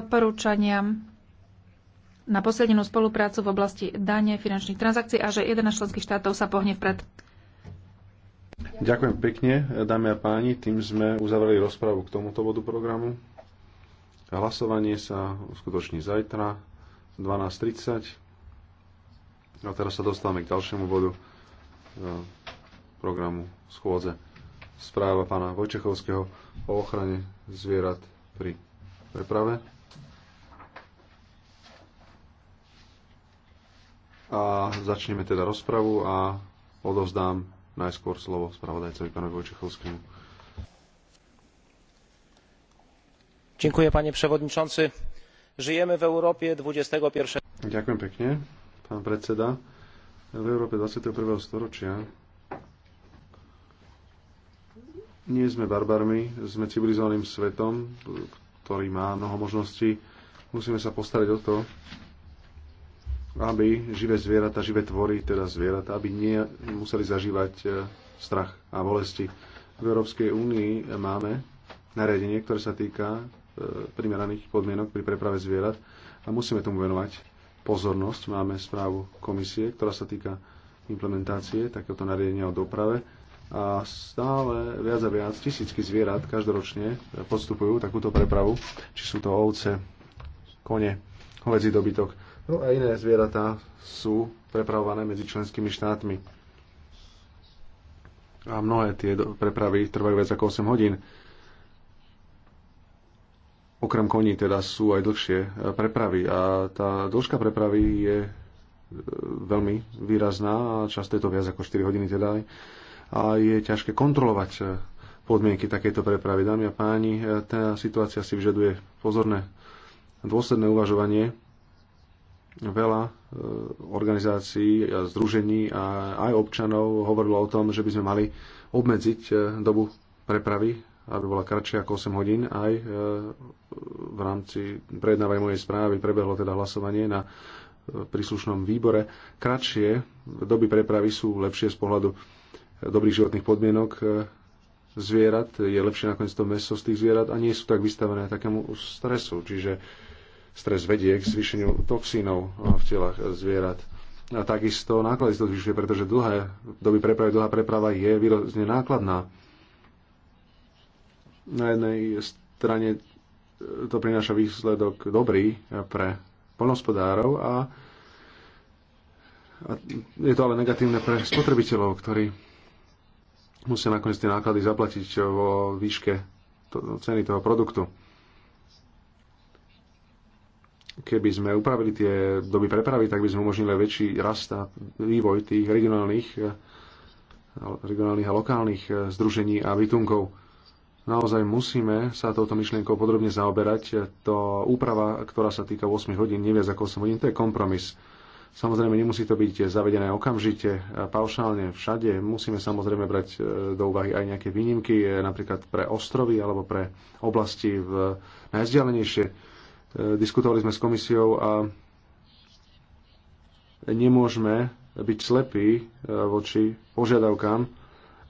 odporúčaniam na posilnenú spoluprácu v oblasti dane finančných transakcií a že 11 členských štátov sa pohne vpred. Ďakujem pekne, dámy a páni. Tým sme uzavreli rozpravu k tomuto bodu programu. Hlasovanie sa uskutoční zajtra 12.30. A teraz sa dostávame k ďalšiemu bodu e, programu schôdze. Správa pána Vojčechovského o ochrane zvierat pri preprave. A začneme teda rozpravu a odovzdám najskôr slovo spravodajcovi pánovi Vojčechovskému. Dziękuję panie przewodniczący. Żyjemy w Europie 21. Ďakujem pekne, pán predseda. V Európe 21. storočia nie sme barbarmi, sme civilizovaným svetom, ktorý má mnoho možností. Musíme sa postarať o to, aby živé zvieratá, živé tvory, teda zvieratá, aby nie museli zažívať e, strach a bolesti. V Európskej únii máme nariadenie, ktoré sa týka e, primeraných podmienok pri preprave zvierat a musíme tomu venovať pozornosť. Máme správu komisie, ktorá sa týka implementácie takéhoto nariadenia o doprave a stále viac a viac tisícky zvierat každoročne podstupujú takúto prepravu, či sú to ovce, kone, hovedzí dobytok No a iné zvieratá sú prepravované medzi členskými štátmi. A mnohé tie prepravy trvajú viac ako 8 hodín. Okrem koní teda sú aj dlhšie e, prepravy. A tá dĺžka prepravy je e, veľmi výrazná a často je to viac ako 4 hodiny teda aj. A je ťažké kontrolovať e, podmienky takejto prepravy. Dámy a páni, tá situácia si vyžaduje pozorné dôsledné uvažovanie veľa e, organizácií, a združení a aj občanov hovorilo o tom, že by sme mali obmedziť e, dobu prepravy, aby bola kratšia ako 8 hodín. Aj e, v rámci prednávaj mojej správy prebehlo teda hlasovanie na príslušnom výbore. Kratšie doby prepravy sú lepšie z pohľadu dobrých životných podmienok zvierat, je lepšie nakoniec to meso z tých zvierat a nie sú tak vystavené takému stresu. Čiže stres vedie k zvýšeniu toxínov eh, v telách eh, zvierat. A takisto náklady to zvyšuje, pretože dlhé doby prepravy, dlhá preprava je výrazne nákladná. Na jednej strane eh, to prináša výsledok dobrý pre poľnohospodárov a, a je to ale negatívne pre spotrebiteľov, ktorí musia nakoniec tie náklady zaplatiť vo výške to, ceny toho produktu keby sme upravili tie doby prepravy, tak by sme umožnili väčší rast a vývoj tých regionálnych, regionálnych a lokálnych združení a bytunkov. Naozaj musíme sa touto myšlienkou podrobne zaoberať. To úprava, ktorá sa týka 8 hodín, neviac ako 8 hodín, to je kompromis. Samozrejme, nemusí to byť zavedené okamžite, paušálne všade. Musíme samozrejme brať e, do úvahy aj nejaké výnimky, e, napríklad pre ostrovy alebo pre oblasti v najzdialenejšie. E, diskutovali sme s komisiou a nemôžeme byť slepí e, voči požiadavkám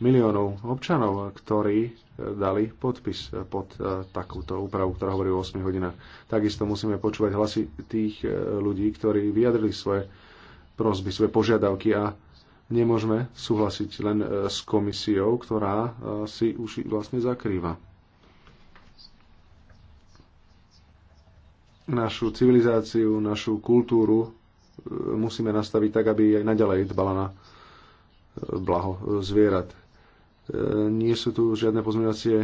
miliónov občanov, ktorí e, dali podpis pod takúto úpravu, ktorá hovorí o 8 hodinách. Takisto musíme počúvať hlasy tých ľudí, ktorí vyjadrili svoje prosby, svoje požiadavky a nemôžeme súhlasiť len s komisiou, ktorá si už vlastne zakrýva. našu civilizáciu, našu kultúru e, musíme nastaviť tak, aby aj naďalej dbala na e, blaho e, zvierat. Nie sú tu žiadne pozmeňovacie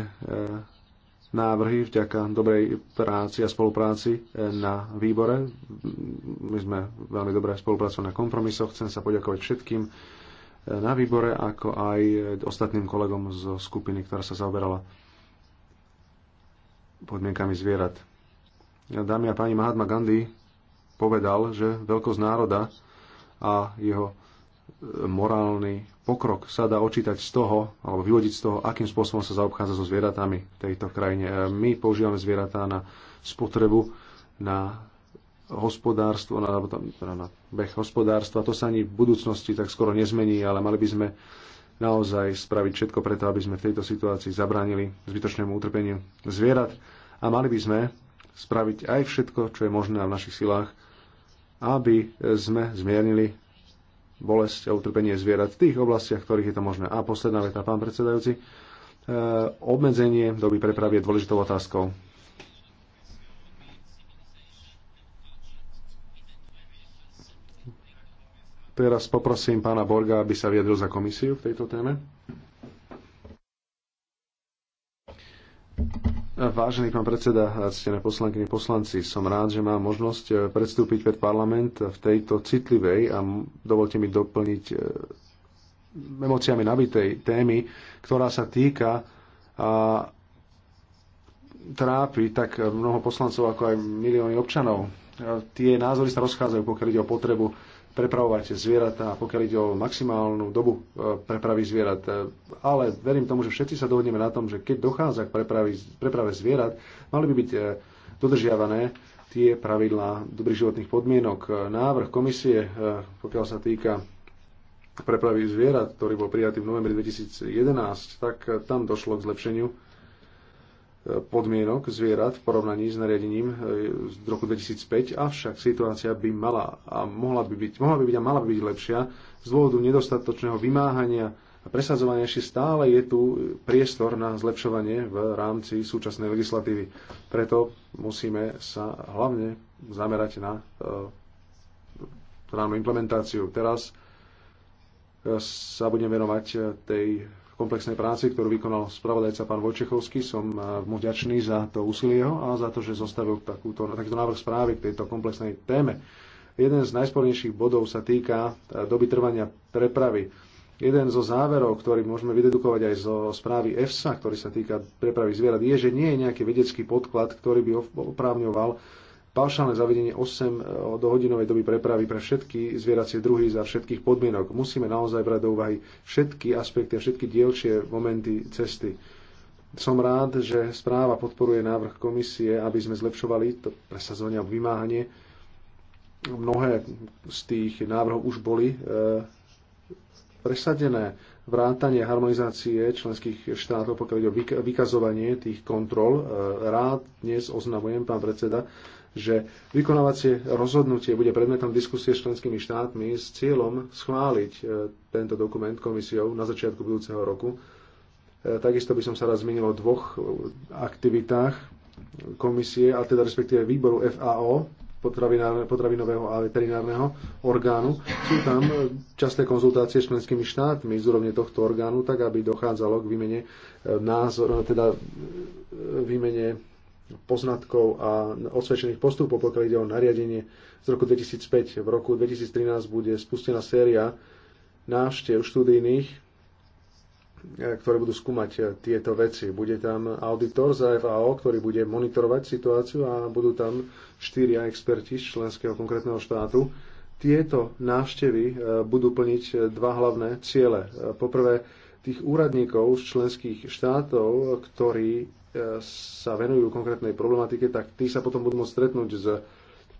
návrhy vďaka dobrej práci a spolupráci na výbore. My sme veľmi dobré spolupracovali na kompromisoch. Chcem sa poďakovať všetkým na výbore, ako aj ostatným kolegom zo skupiny, ktorá sa zaoberala podmienkami zvierat dámy a páni Mahatma Gandhi povedal, že veľkosť národa a jeho e, morálny pokrok sa dá očítať z toho, alebo vyvodiť z toho, akým spôsobom sa zaobchádza so zvieratami v tejto krajine. E, my používame zvieratá na spotrebu, na hospodárstvo, na, teda na beh hospodárstva. To sa ani v budúcnosti tak skoro nezmení, ale mali by sme naozaj spraviť všetko preto, aby sme v tejto situácii zabránili zbytočnému utrpeniu zvierat a mali by sme spraviť aj všetko, čo je možné v našich silách, aby sme zmiernili bolesť a utrpenie zvierat v tých oblastiach, ktorých je to možné. A posledná veta, pán predsedajúci, e, obmedzenie doby prepravy je dôležitou otázkou. Teraz poprosím pána Borga, aby sa vyjadril za komisiu v tejto téme. Vážený pán predseda, ctené poslankyne, poslanci, som rád, že mám možnosť eh, predstúpiť pred parlament v tejto citlivej a dovolte mi doplniť eh, emóciami nabitej témy, ktorá sa týka a trápi tak mnoho poslancov, ako aj milióny občanov. Tie názory sa rozchádzajú, pokiaľ ide o potrebu prepravovať zvieratá, pokiaľ ide o maximálnu dobu e, prepravy zvierat. E, ale verím tomu, že všetci sa dohodneme na tom, že keď dochádza k prepravi, preprave zvierat, mali by byť e, dodržiavané tie pravidlá dobrých životných podmienok. Návrh komisie, pokiaľ sa týka prepravy zvierat, ktorý bol prijatý v novembri 2011, tak tam došlo k zlepšeniu podmienok zvierat v porovnaní s nariadením e, z roku 2005, avšak situácia by mala a mohla by byť, mohla by byť a mala by byť lepšia z dôvodu nedostatočného vymáhania a presadzovania ešte stále je tu priestor na zlepšovanie v rámci súčasnej legislatívy. Preto musíme sa hlavne zamerať na právnu e, implementáciu. Teraz e, sa budem venovať tej komplexnej práci, ktorú vykonal spravodajca pán Vojčechovský. Som e, mu vďačný za to úsilie a za to, že zostavil takúto, takýto návrh správy k tejto komplexnej téme. Jeden z najspornejších bodov sa týka e, doby trvania prepravy. Jeden zo záverov, ktorý môžeme vydedukovať aj zo správy EFSA, ktorý sa týka prepravy zvierat, je, že nie je nejaký vedecký podklad, ktorý by oprávňoval paušálne zavedenie 8 e, do hodinovej doby prepravy pre všetky zvieracie druhy za všetkých podmienok. Musíme naozaj brať do úvahy všetky aspekty a všetky dielčie momenty cesty. Som rád, že správa podporuje návrh komisie, aby sme zlepšovali to presadzovanie a vymáhanie. Mnohé z tých návrhov už boli e, presadené. Vrátanie harmonizácie členských štátov, pokiaľ ide o vykazovanie tých kontrol. E, rád dnes oznamujem, pán predseda, že vykonávacie rozhodnutie bude predmetom diskusie s členskými štátmi s cieľom schváliť e, tento dokument komisiou na začiatku budúceho roku. E, takisto by som sa raz zmenil o dvoch e, aktivitách komisie, a teda respektíve výboru FAO, potravinového a veterinárneho orgánu. Sú tam časté konzultácie s členskými štátmi z úrovne tohto orgánu, tak aby dochádzalo k výmene názor, teda výmene poznatkov a osvedčených postupov, pokiaľ ide o nariadenie z roku 2005. V roku 2013 bude spustená séria návštev študijných, e, ktoré budú skúmať e, tieto veci. Bude tam auditor z FAO, ktorý bude monitorovať situáciu a budú tam štyria experti z členského konkrétneho štátu. Tieto návštevy e, budú plniť dva hlavné ciele. Poprvé, tých úradníkov z členských štátov, ktorí sa venujú konkrétnej problematike, tak tí sa potom budú môcť stretnúť s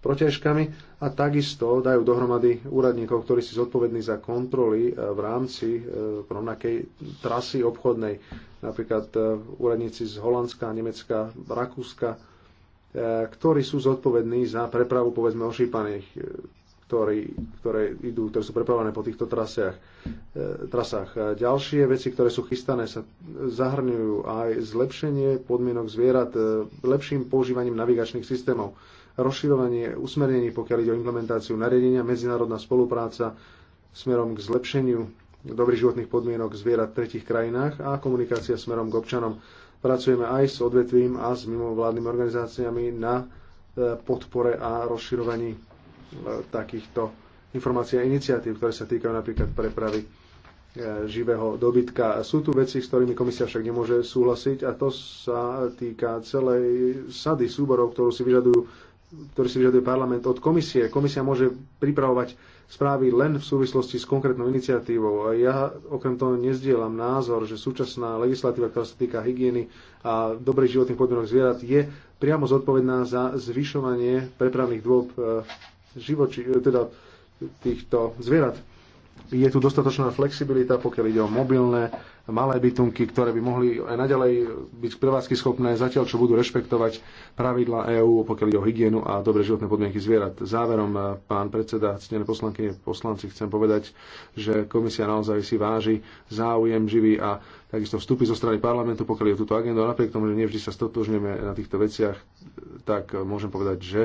protiažkami a takisto dajú dohromady úradníkov, ktorí si zodpovední za kontroly e, v rámci e, rovnakej trasy obchodnej. Napríklad e, úradníci z Holandska, Nemecka, Rakúska, ktorí sú zodpovední za prepravu povedzme ošípaných ktorý, ktoré idú, ktoré sú prepravené po týchto trasách. e, trasách. Ďalšie veci, ktoré sú chystané, sa zahrňujú aj zlepšenie podmienok zvierat e, lepším používaním navigačných systémov, rozširovanie usmernení, pokiaľ ide o implementáciu nariadenia, medzinárodná spolupráca smerom k zlepšeniu dobrých životných podmienok zvierat v tretich krajinách a komunikácia smerom k občanom. Pracujeme aj s odvetvím a s mimovládnymi organizáciami na e, podpore a rozširovaní takýchto informácií a iniciatív, ktoré sa týkajú napríklad prepravy e, živého dobytka. Sú tu veci, s ktorými komisia však nemôže súhlasiť a to sa týka celej sady súborov, ktorú si vyžadujú ktorý si vyžaduje parlament od komisie. Komisia môže pripravovať správy len v súvislosti s konkrétnou iniciatívou. A Ja okrem toho nezdielam názor, že súčasná legislatíva, ktorá sa týka hygieny a dobrých životných podmienok zvierat, je priamo zodpovedná za zvyšovanie prepravných dôb e, živočí, e, teda týchto zvierat. Je tu dostatočná flexibilita, pokiaľ ide o mobilné malé bytunky, ktoré by mohli aj naďalej byť prevádzky schopné, zatiaľ čo budú rešpektovať pravidla EÚ, pokiaľ ide o hygienu a dobre životné podmienky zvierat. Záverom, e, pán predseda, ctené poslanky, poslanci, chcem povedať, že komisia naozaj si váži záujem živý a takisto vstupy zo strany parlamentu, pokiaľ je túto agendu. A napriek tomu, že nevždy sa stotožňujeme na týchto veciach, tak môžem povedať, že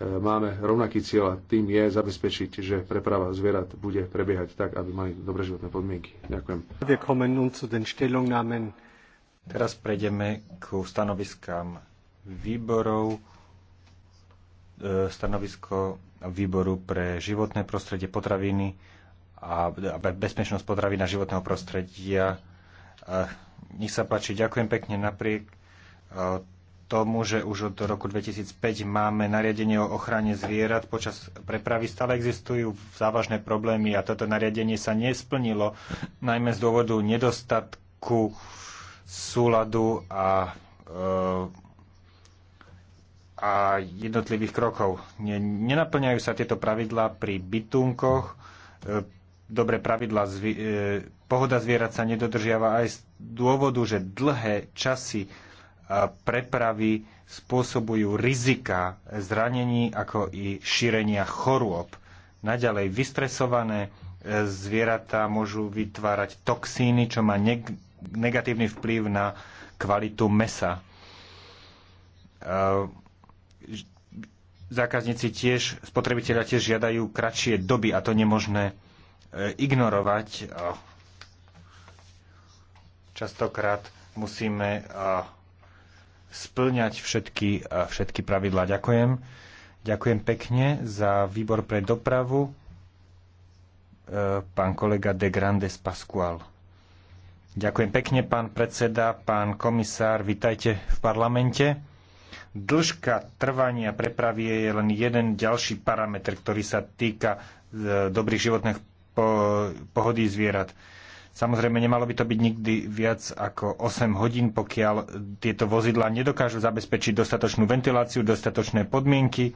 máme rovnaký cieľ a tým je zabezpečiť, že preprava zvierat bude prebiehať tak, aby mali dobré životné podmienky. Ďakujem. Teraz prejdeme ku stanoviskám výborov. E, stanovisko výboru pre životné prostredie potraviny a bezpečnosť potravina životného prostredia. E, nech sa páči, ďakujem pekne napriek e, tomu, že už od roku 2005 máme nariadenie o ochrane zvierat počas prepravy, stále existujú závažné problémy a toto nariadenie sa nesplnilo, najmä z dôvodu nedostatku súladu a, e, a jednotlivých krokov. Nenaplňajú sa tieto pravidlá pri bytunkoch, e, dobré pravidlá zvi- e, pohoda zvierat sa nedodržiava aj z dôvodu, že dlhé časy prepravy spôsobujú rizika zranení ako i šírenia chorôb. Naďalej vystresované e, zvieratá môžu vytvárať toxíny, čo má negatívny vplyv na kvalitu mesa. E, zákazníci tiež, spotrebitelia tiež žiadajú kratšie doby a to nemožné e, ignorovať. Častokrát musíme splňať všetky, všetky pravidlá. Ďakujem. Ďakujem pekne za výbor pre dopravu. E, pán kolega de Grandes Pascual. Ďakujem pekne, pán predseda, pán komisár, vitajte v parlamente. Dĺžka trvania prepravy je len jeden ďalší parameter, ktorý sa týka e, dobrých životných pohody zvierat Samozrejme, nemalo by to byť nikdy viac ako 8 hodín, pokiaľ tieto vozidlá nedokážu zabezpečiť dostatočnú ventiláciu, dostatočné podmienky,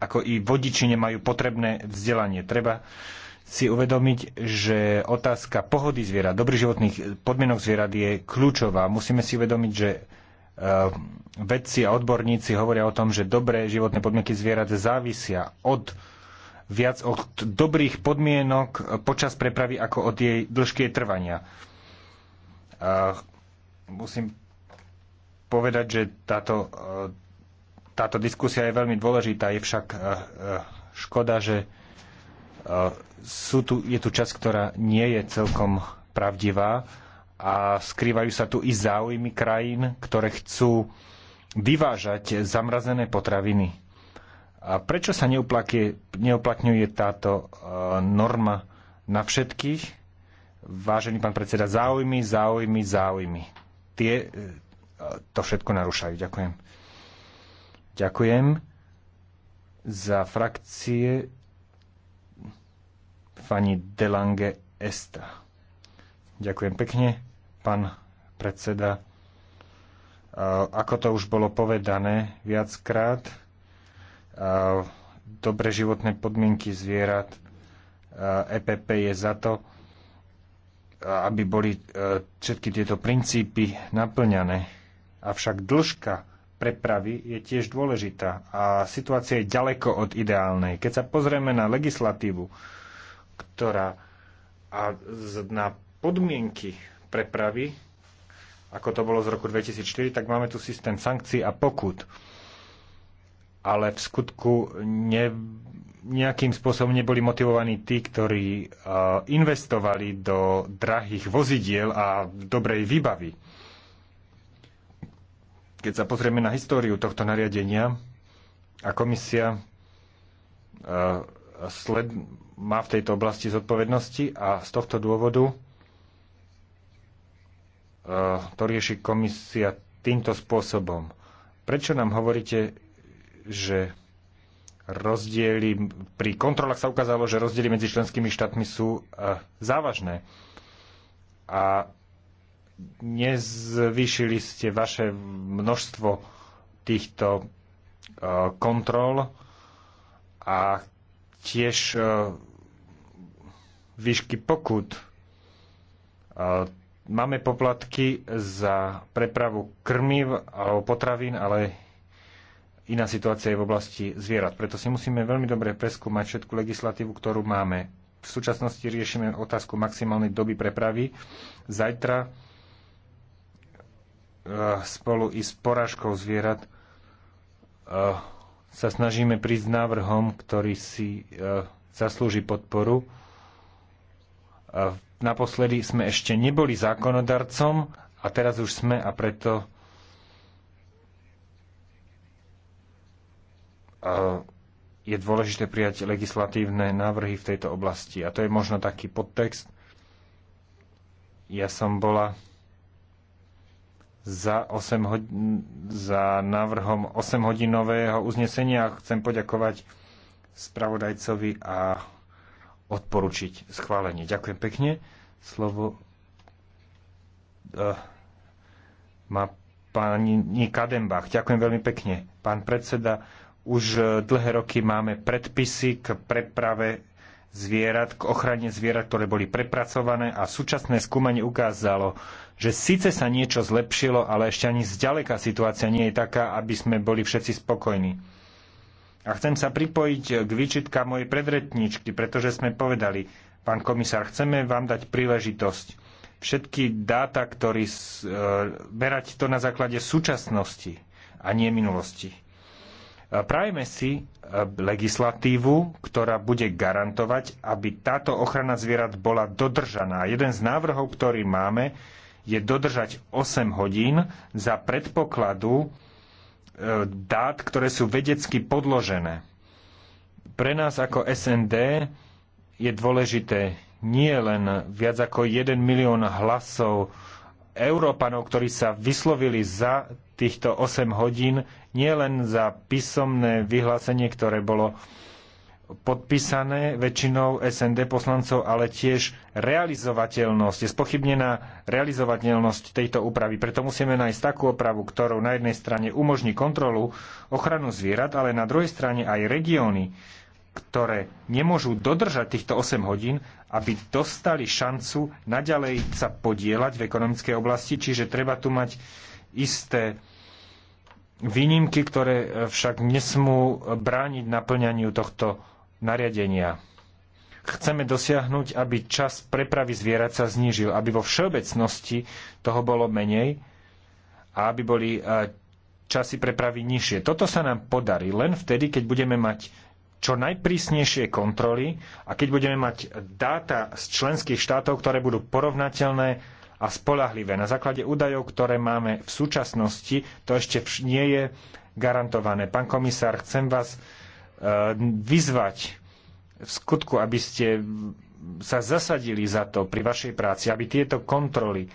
ako i vodiči nemajú potrebné vzdelanie. Treba si uvedomiť, že otázka pohody zvierat, dobrých životných podmienok zvierat je kľúčová. Musíme si uvedomiť, že eh, vedci a odborníci hovoria o tom, že dobré životné podmienky zvierat závisia od viac od dobrých podmienok počas prepravy ako od jej dĺžky jej trvania. A musím povedať, že táto, e, táto diskusia je veľmi dôležitá. Je však e, e, škoda, že sú tu, je tu časť, ktorá nie je celkom pravdivá a skrývajú sa tu i záujmy krajín, ktoré chcú vyvážať zamrazené potraviny a prečo sa neuplatňuje táto e, norma na všetkých? Vážený pán predseda, záujmy, záujmy, záujmy. Tie e, to všetko narúšajú. Ďakujem. Ďakujem za frakcie pani Delange Esta. Ďakujem pekne, pán predseda. E, ako to už bolo povedané viackrát, dobre životné podmienky zvierat. EPP je za to, aby boli e, všetky tieto princípy naplňané. Avšak dĺžka prepravy je tiež dôležitá a situácia je ďaleko od ideálnej. Keď sa pozrieme na legislatívu, ktorá a na podmienky prepravy, ako to bolo z roku 2004, tak máme tu systém sankcií a pokut ale v skutku ne, nejakým spôsobom neboli motivovaní tí, ktorí e, investovali do drahých vozidiel a dobrej výbavy. Keď sa pozrieme na históriu tohto nariadenia a komisia e, sled, má v tejto oblasti zodpovednosti a z tohto dôvodu e, to rieši komisia týmto spôsobom. Prečo nám hovoríte, že rozdiely, pri kontrolách sa ukázalo, že rozdiely medzi členskými štátmi sú e, závažné. A nezvýšili ste vaše množstvo týchto e, kontrol a tiež e, výšky pokut. Máme poplatky za prepravu krmiv alebo potravín, ale iná situácia je v oblasti zvierat. Preto si musíme veľmi dobre preskúmať všetku legislatívu, ktorú máme. V súčasnosti riešime otázku maximálnej doby prepravy. Zajtra e, spolu i s porážkou zvierat e, sa snažíme prísť s návrhom, ktorý si e, zaslúži podporu. Naposledy sme ešte neboli zákonodarcom a teraz už sme a preto je dôležité prijať legislatívne návrhy v tejto oblasti. A to je možno taký podtext. Ja som bola za, 8 hodin, za návrhom 8-hodinového uznesenia. Chcem poďakovať spravodajcovi a odporučiť schválenie. Ďakujem pekne. Slovo uh, má pani Kadembach. Ďakujem veľmi pekne. Pán predseda, už e, dlhé roky máme predpisy k preprave zvierat, k ochrane zvierat, ktoré boli prepracované a súčasné skúmanie ukázalo, že síce sa niečo zlepšilo, ale ešte ani zďaleka situácia nie je taká, aby sme boli všetci spokojní. A chcem sa pripojiť k výčitka mojej predretničky, pretože sme povedali, pán komisár, chceme vám dať príležitosť všetky dáta, ktorý e, berať to na základe súčasnosti a nie minulosti. E, Prajme si e, legislatívu, ktorá bude garantovať, aby táto ochrana zvierat bola dodržaná. Jeden z návrhov, ktorý máme, je dodržať 8 hodín za predpokladu e, dát, ktoré sú vedecky podložené. Pre nás ako SND je dôležité nie len viac ako 1 milión hlasov Európanov, ktorí sa vyslovili za týchto 8 hodín, nie len za písomné vyhlásenie, ktoré bolo podpísané väčšinou SND poslancov, ale tiež realizovateľnosť, je spochybnená realizovateľnosť tejto úpravy. Preto musíme nájsť takú opravu, ktorou na jednej strane umožní kontrolu, ochranu zvierat, ale na druhej strane aj regióny, ktoré nemôžu dodržať týchto 8 hodín, aby dostali šancu naďalej sa podielať v ekonomickej oblasti, čiže treba tu mať isté výnimky, ktoré e, však nesmú brániť naplňaniu tohto nariadenia. Chceme dosiahnuť, aby čas prepravy zvierat sa znížil, aby vo všeobecnosti toho bolo menej a aby boli e, časy prepravy nižšie. Toto sa nám podarí len vtedy, keď budeme mať čo najprísnejšie kontroly a keď budeme mať dáta z členských štátov, ktoré budú porovnateľné a spolahlivé. Na základe údajov, ktoré máme v súčasnosti, to ešte nie je garantované. Pán komisár, chcem vás e, vyzvať v skutku, aby ste sa zasadili za to pri vašej práci, aby tieto kontroly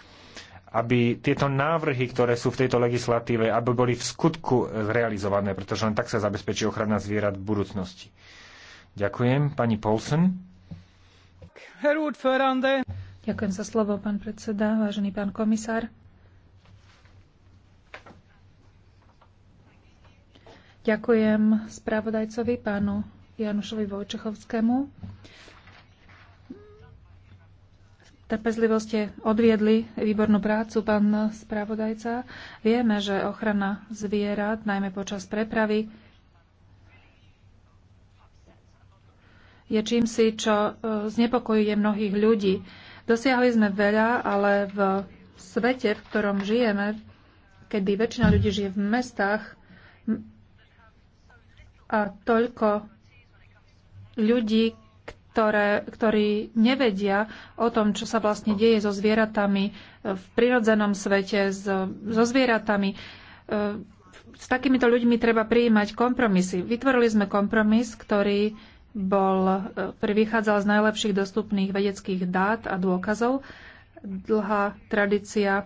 aby tieto návrhy, ktoré sú v tejto legislatíve, aby boli v skutku realizované, pretože len tak sa zabezpečí ochrana zvierat v budúcnosti. Ďakujem. Pani Poulsen. Ďakujem za slovo, pán predseda, vážený pán komisár. Ďakujem spravodajcovi, pánu Janušovi Vojčechovskému. Trpezlivo ste odviedli výbornú prácu, pán spravodajca. Vieme, že ochrana zvierat, najmä počas prepravy, je čím si, čo e, znepokojuje mnohých ľudí. Dosiahli sme veľa, ale v svete, v ktorom žijeme, kedy väčšina ľudí žije v mestách a toľko ľudí, ktoré, ktorí nevedia o tom, čo sa vlastne deje so zvieratami e, v prirodzenom svete, so, so zvieratami. E, s takýmito ľuďmi treba prijímať kompromisy. Vytvorili sme kompromis, ktorý bol, e, ktorý vychádzal z najlepších dostupných vedeckých dát a dôkazov. Dlhá tradícia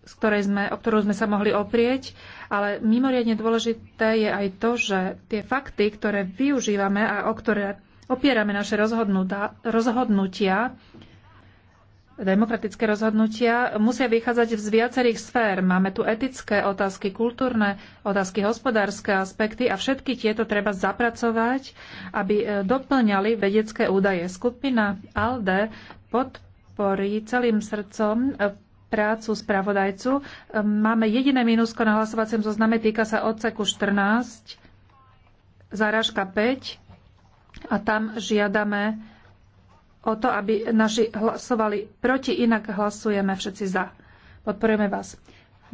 z ktorej sme, o ktorú sme sa mohli oprieť, ale mimoriadne dôležité je aj to, že tie fakty, ktoré využívame a o ktoré opierame naše rozhodnutia, demokratické rozhodnutia, musia vychádzať z viacerých sfér. Máme tu etické otázky, kultúrne otázky, hospodárske aspekty a všetky tieto treba zapracovať, aby e, doplňali vedecké údaje. Skupina ALDE podporí celým srdcom e, prácu spravodajcu. E, máme jediné minusko na hlasovacom zozname, týka sa odseku 14, záražka 5, a tam žiadame o to, aby naši hlasovali proti, inak hlasujeme všetci za. Podporujeme vás.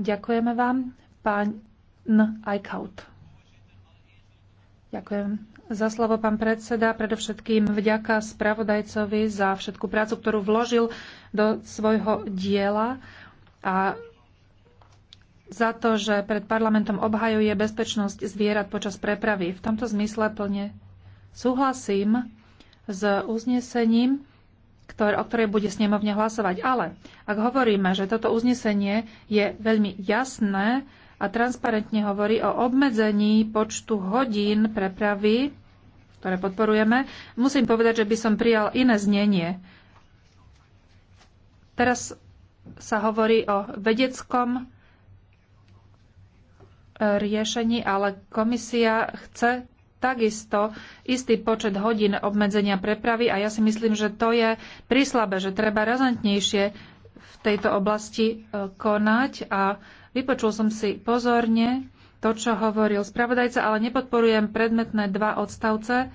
Ďakujeme vám, pán Eichhout. Ďakujem za slovo, pán predseda. Predovšetkým vďaka spravodajcovi za všetku prácu, ktorú vložil do svojho diela a za to, že pred parlamentom obhajuje bezpečnosť zvierat počas prepravy. V tomto zmysle plne Súhlasím s uznesením, ktoré, o ktorej bude snemovne hlasovať. Ale ak hovoríme, že toto uznesenie je veľmi jasné a transparentne hovorí o obmedzení počtu hodín prepravy, ktoré podporujeme, musím povedať, že by som prijal iné znenie. Teraz sa hovorí o vedeckom e, riešení, ale komisia chce takisto istý počet hodín obmedzenia prepravy a ja si myslím, že to je príslabe, že treba razantnejšie v tejto oblasti e, konať a vypočul som si pozorne to, čo hovoril spravodajca, ale nepodporujem predmetné dva odstavce,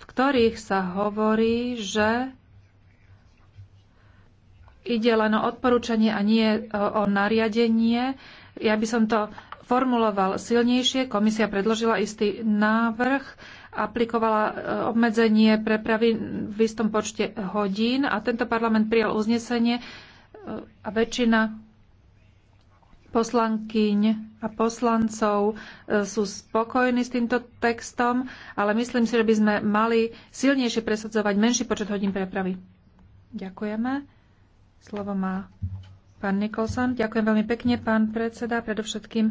v ktorých sa hovorí, že ide len o odporúčanie a nie e, o nariadenie. Ja by som to formuloval silnejšie. Komisia predložila istý návrh, aplikovala e, obmedzenie prepravy v istom počte hodín a tento parlament prijal uznesenie e, a väčšina poslankyň a poslancov e, sú spokojní s týmto textom, ale myslím si, že by sme mali silnejšie presadzovať menší počet hodín prepravy. Ďakujeme. Slovo má pán Nikolson. Ďakujem veľmi pekne, pán predseda. Predovšetkým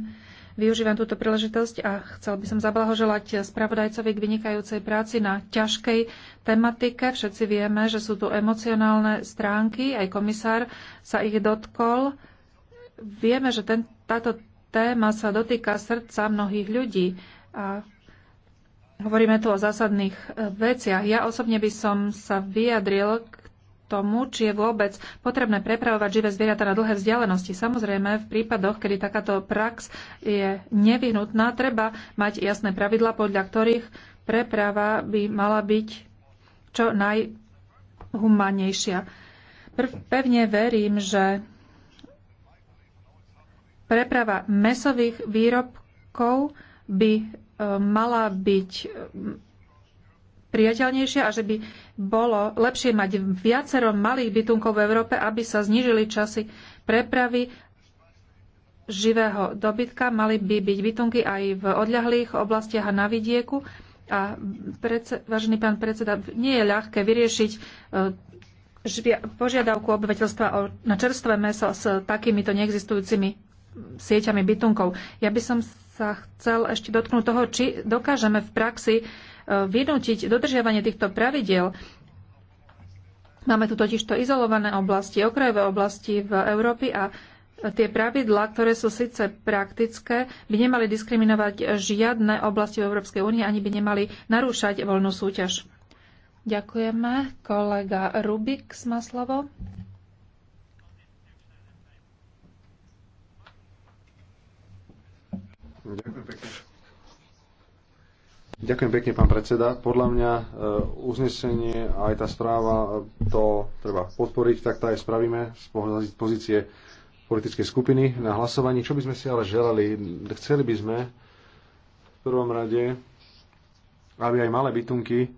Využívam túto príležitosť a chcel by som zablahoželať spravodajcovi k vynikajúcej práci na ťažkej tematike. Všetci vieme, že sú tu emocionálne stránky, aj komisár sa ich dotkol. Vieme, že ten, táto téma sa dotýka srdca mnohých ľudí a hovoríme tu o zásadných veciach. Ja osobne by som sa vyjadril k tomu, či je vôbec potrebné prepravovať živé zvieratá na dlhé vzdialenosti. Samozrejme, v prípadoch, kedy takáto prax je nevyhnutná, treba mať jasné pravidla, podľa ktorých preprava by mala byť čo najhumanejšia. Pevne verím, že preprava mesových výrobkov by e, mala byť priateľnejšie a že by bolo lepšie mať viacero malých bytunkov v Európe, aby sa znížili časy prepravy živého dobytka. Mali by byť bytunky aj v odľahlých oblastiach a na vidieku. A predse, vážený pán predseda, nie je ľahké vyriešiť e, požiadavku obyvateľstva na čerstvé meso s takýmito neexistujúcimi sieťami bytunkov. Ja by som sa chcel ešte dotknúť toho, či dokážeme v praxi vynútiť dodržiavanie týchto pravidel. Máme tu totiž to izolované oblasti, okrajové oblasti v Európe a tie pravidlá, ktoré sú síce praktické, by nemali diskriminovať žiadne oblasti v Európskej únie, ani by nemali narúšať voľnú súťaž. Ďakujeme. Kolega Rubik má slovo. Ďakujem pekne. Ďakujem pekne, pán predseda. Podľa mňa e, uznesenie a aj tá správa, e, to treba podporiť, tak tá aj spravíme z pozície politickej skupiny na hlasovaní. Čo by sme si ale želali? Chceli by sme v prvom rade, aby aj malé bytunky e,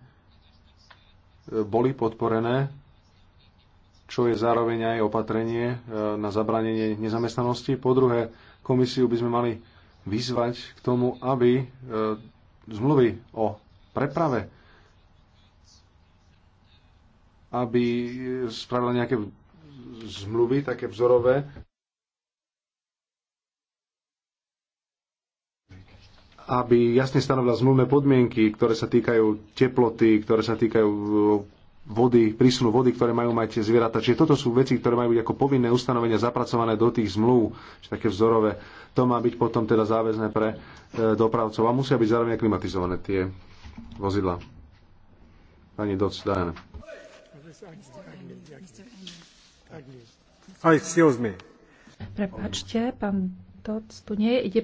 boli podporené, čo je zároveň aj opatrenie na zabranenie nezamestnanosti. Po druhé, komisiu by sme mali vyzvať k tomu, aby zmluvy o preprave, aby spravila nejaké zmluvy, také vzorové, aby jasne stanovila zmluvné podmienky, ktoré sa týkajú teploty, ktoré sa týkajú vody, prísunu vody, ktoré majú mať tie zvieratá. Čiže toto sú veci, ktoré majú byť ako povinné ustanovenia zapracované do tých zmluv, či také vzorové. To má byť potom teda záväzné pre e, dopravcov a musia byť zároveň klimatizované tie vozidla. Pani Doc, Diana. Prepačte, pán Doc tu nie je. Ide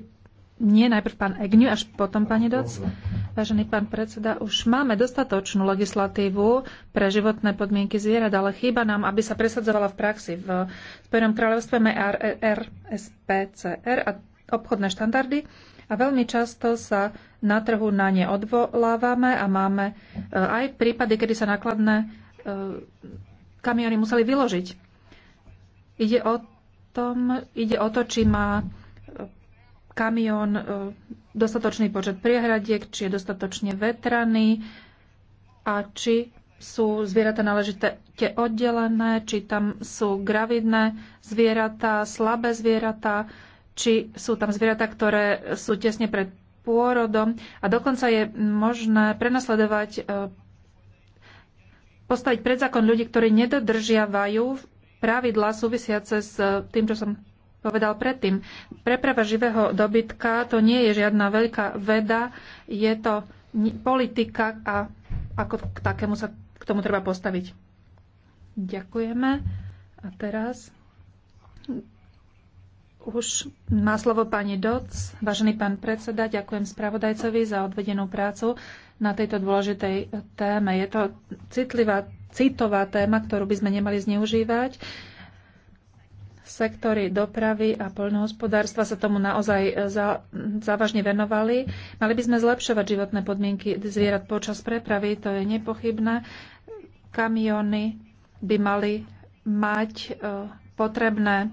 nie, najprv pán Egňu, až potom pani Doc. Vážený pán predseda, už máme dostatočnú legislatívu pre životné podmienky zvierat, ale chýba nám, aby sa presadzovala v praxi. V Spojenom kráľovstve máme RSPCR a obchodné štandardy a veľmi často sa na trhu na ne odvolávame a máme e, aj prípady, kedy sa nákladné e, kamiony museli vyložiť. Ide o tom, ide o to, či má kamión, e, dostatočný počet priehradiek, či je dostatočne vetraný a či sú zvieratá náležite oddelené, či tam sú gravidné zvieratá, slabé zvieratá, či sú tam zvieratá, ktoré sú tesne pred pôrodom a dokonca je možné prenasledovať, e, postaviť pred zákon ľudí, ktorí nedodržiavajú pravidlá súvisiace s tým, čo som povedal predtým. Preprava živého dobytka to nie je žiadna veľká veda, je to politika a ako k takému sa k tomu treba postaviť. Ďakujeme. A teraz už má slovo pani Doc. Vážený pán predseda, ďakujem spravodajcovi za odvedenú prácu na tejto dôležitej téme. Je to citlivá, citová téma, ktorú by sme nemali zneužívať sektory dopravy a poľnohospodárstva sa tomu naozaj e, závažne venovali. Mali by sme zlepšovať životné podmienky zvierat počas prepravy, to je nepochybné. Kamiony by mali mať e, potrebné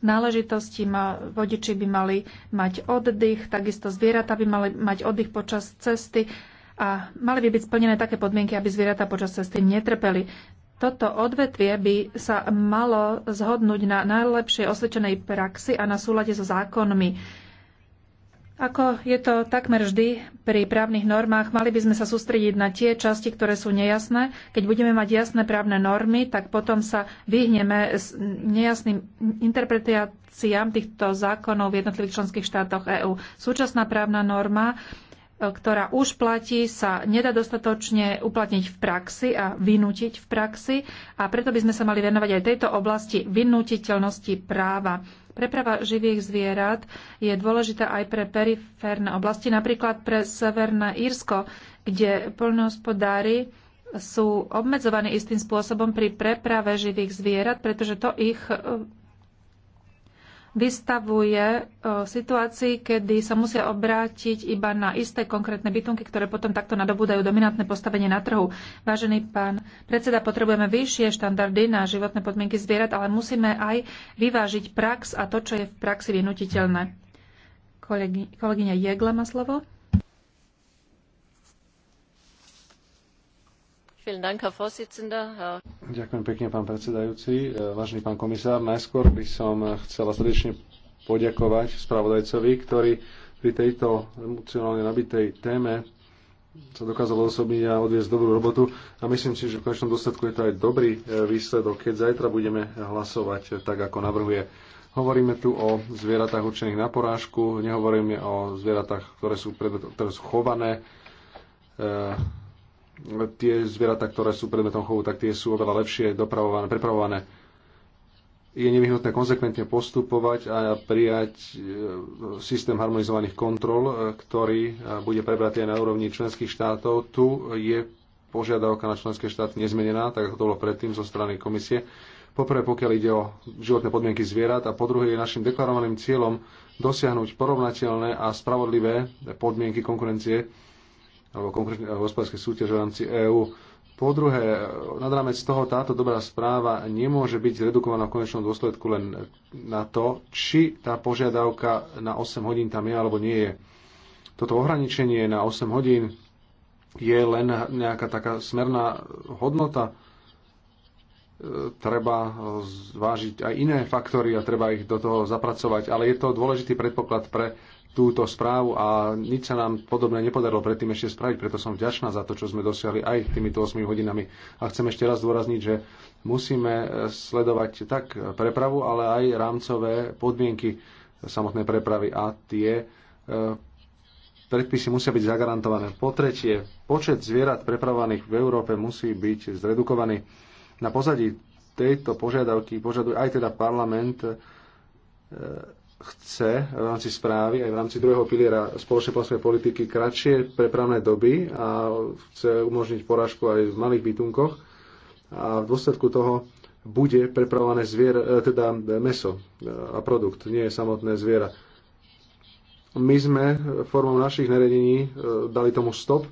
náležitosti, vodiči by mali mať oddych, takisto zvieratá by mali mať oddych počas cesty a mali by byť splnené také podmienky, aby zvieratá počas cesty netrpeli. Toto odvetvie by sa malo zhodnúť na najlepšej osvedčenej praxi a na súlade so zákonmi. Ako je to takmer vždy pri právnych normách, mali by sme sa sústrediť na tie časti, ktoré sú nejasné. Keď budeme mať jasné právne normy, tak potom sa vyhneme s nejasným interpretáciám týchto zákonov v jednotlivých členských štátoch EÚ. Súčasná právna norma ktorá už platí, sa nedá dostatočne uplatniť v praxi a vynútiť v praxi a preto by sme sa mali venovať aj tejto oblasti vynútiteľnosti práva. Preprava živých zvierat je dôležitá aj pre periférne oblasti, napríklad pre Severné Írsko, kde poľnohospodári sú obmedzovaní istým spôsobom pri preprave živých zvierat, pretože to ich vystavuje e, situácii, kedy sa musia obrátiť iba na isté konkrétne bytunky, ktoré potom takto nadobúdajú dominantné postavenie na trhu. Vážený pán predseda, potrebujeme vyššie štandardy na životné podmienky zvierat, ale musíme aj vyvážiť prax a to, čo je v praxi vynutiteľné. Kolegyňa Jegla má slovo. Ďakujem pekne, pán predsedajúci. E, vážený pán komisár, najskôr by som chcela srdečne poďakovať spravodajcovi, ktorý pri tejto emocionálne nabitej téme sa dokázalo osobniť a odviesť dobrú robotu. A myslím si, že v konečnom dôsledku je to aj dobrý e, výsledok, keď zajtra budeme hlasovať tak, ako navrhuje. Hovoríme tu o zvieratách určených na porážku, nehovoríme o zvieratách, ktoré sú, pred, ktoré sú chované, e, tie zvieratá, ktoré sú predmetom chovu, tak tie sú oveľa lepšie dopravované, prepravované. Je nevyhnutné konsekventne postupovať a prijať e, systém harmonizovaných kontrol, e, ktorý e, bude prebratý aj na úrovni členských štátov. Tu je požiadavka na členské štáty nezmenená, tak ako to bolo predtým zo strany komisie. Poprvé, pokiaľ ide o životné podmienky zvierat a po druhé je našim deklarovaným cieľom dosiahnuť porovnateľné a spravodlivé podmienky konkurencie alebo konkrétne hospodárske súťaže v rámci EÚ. Po druhé, nad rámec toho táto dobrá správa nemôže byť zredukovaná v konečnom dôsledku len na to, či tá požiadavka na 8 hodín tam je alebo nie je. Toto ohraničenie na 8 hodín je len nejaká taká smerná hodnota. Treba zvážiť aj iné faktory a treba ich do toho zapracovať, ale je to dôležitý predpoklad pre túto správu a nič sa nám podobné nepodarilo predtým ešte spraviť, preto som vďačná za to, čo sme dosiahli aj týmito 8 hodinami. A chcem ešte raz dôrazniť, že musíme sledovať tak prepravu, ale aj rámcové podmienky samotnej prepravy a tie e, predpisy musia byť zagarantované. Po tretie, počet zvierat prepravovaných v Európe musí byť zredukovaný. Na pozadí tejto požiadavky požaduje aj teda parlament e, chce v rámci správy aj v rámci druhého piliera spoločnej plánovej politiky kratšie prepravné doby a chce umožniť porážku aj v malých bytunkoch a v dôsledku toho bude prepravované zvier, e, teda meso a produkt, nie je samotné zviera. My sme formou našich neredení e, dali tomu stop. E,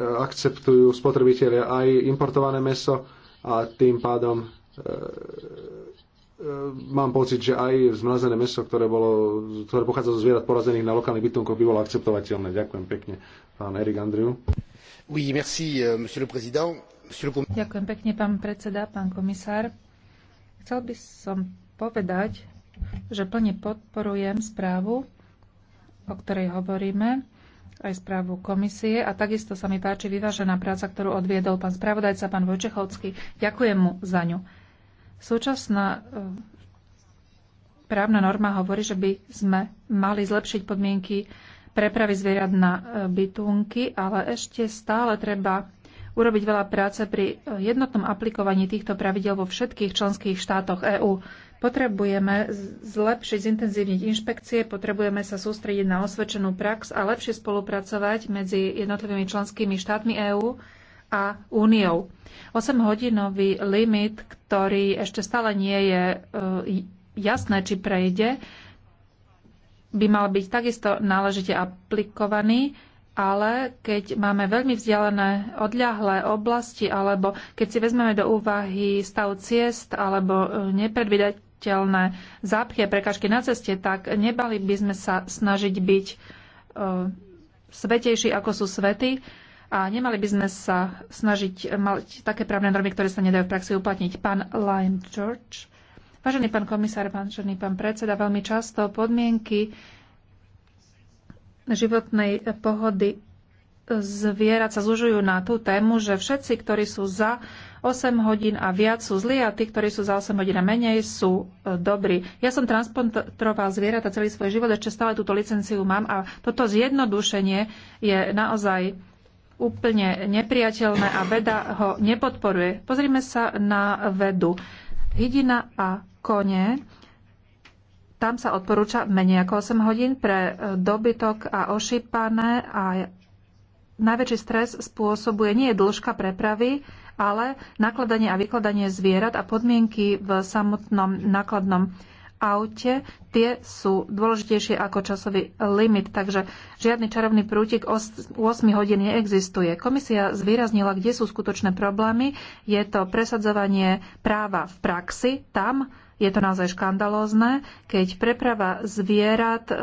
akceptujú spotrebitelia aj importované meso a tým pádom Ehm, mám pocit, že aj zmrazené meso, ktoré, bolo, ktoré pochádza zo zvierat porazených na lokálnych bytunkoch, by bolo akceptovateľné. Ďakujem pekne, pán Erik Andriu. Oui, merci, euh, monsieur le président. Monsieur le... Ďakujem pekne, pán predseda, pán komisár. Chcel by som povedať, že plne podporujem správu, o ktorej hovoríme, aj správu komisie a takisto sa mi páči vyvážená práca, ktorú odviedol pán spravodajca, pán Vojčechovský. Ďakujem mu za ňu. Súčasná e, právna norma hovorí, že by sme mali zlepšiť podmienky prepravy zvierat na e, bytunky, ale ešte stále treba urobiť veľa práce pri e, jednotnom aplikovaní týchto pravidel vo všetkých členských štátoch EÚ. Potrebujeme zlepšiť, zintenzívniť inšpekcie, potrebujeme sa sústrediť na osvedčenú prax a lepšie spolupracovať medzi jednotlivými členskými štátmi EÚ a úniou. 8-hodinový limit, ktorý ešte stále nie je e, jasné, či prejde, by mal byť takisto náležite aplikovaný, ale keď máme veľmi vzdialené odľahlé oblasti, alebo keď si vezmeme do úvahy stav ciest alebo e, nepredvidateľné zápchy a prekažky na ceste, tak nebali by sme sa snažiť byť e, svetejší, ako sú svety a nemali by sme sa snažiť mať také právne normy, ktoré sa nedajú v praxi uplatniť. Pán Lime George. Vážený pán komisár, vážený pán predseda, veľmi často podmienky životnej pohody zvierat sa zužujú na tú tému, že všetci, ktorí sú za 8 hodín a viac sú zlí a tí, ktorí sú za 8 hodín a menej sú e, dobrí. Ja som transportoval zvieratá celý svoj život, ešte stále túto licenciu mám a toto zjednodušenie je naozaj úplne nepriateľné a veda ho nepodporuje. Pozrime sa na vedu. Hydina a kone. Tam sa odporúča menej ako 8 hodín pre e, dobytok a ošípané a najväčší stres spôsobuje nie dĺžka prepravy, ale nakladanie a vykladanie zvierat a podmienky v samotnom nákladnom aute, tie sú dôležitejšie ako časový limit, takže žiadny čarovný prútik 8 hodín neexistuje. Komisia zvýraznila, kde sú skutočné problémy. Je to presadzovanie práva v praxi. Tam je to naozaj škandalózne, keď preprava zvierat e,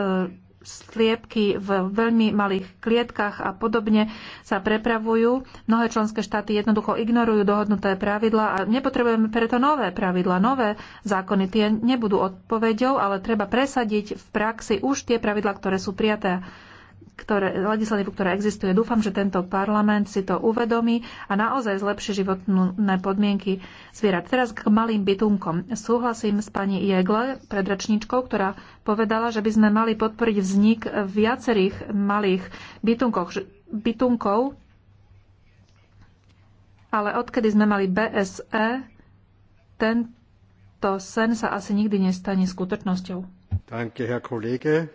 sliepky v veľmi malých klietkách a podobne sa prepravujú. Mnohé členské štáty jednoducho ignorujú dohodnuté pravidla a nepotrebujeme preto nové pravidla, nové zákony. Tie nebudú odpoveďou, ale treba presadiť v praxi už tie pravidla, ktoré sú prijaté ktoré, legislatívu, ktorá existuje. Dúfam, že tento parlament si to uvedomí a naozaj zlepší životné podmienky zvierat. Teraz k malým bytunkom. Súhlasím s pani Jegle, predračníčkou, ktorá povedala, že by sme mali podporiť vznik viacerých malých bytunkov, bytunkov ale odkedy sme mali BSE, tento sen sa asi nikdy nestane skutočnosťou. Danke, Herr Kollege.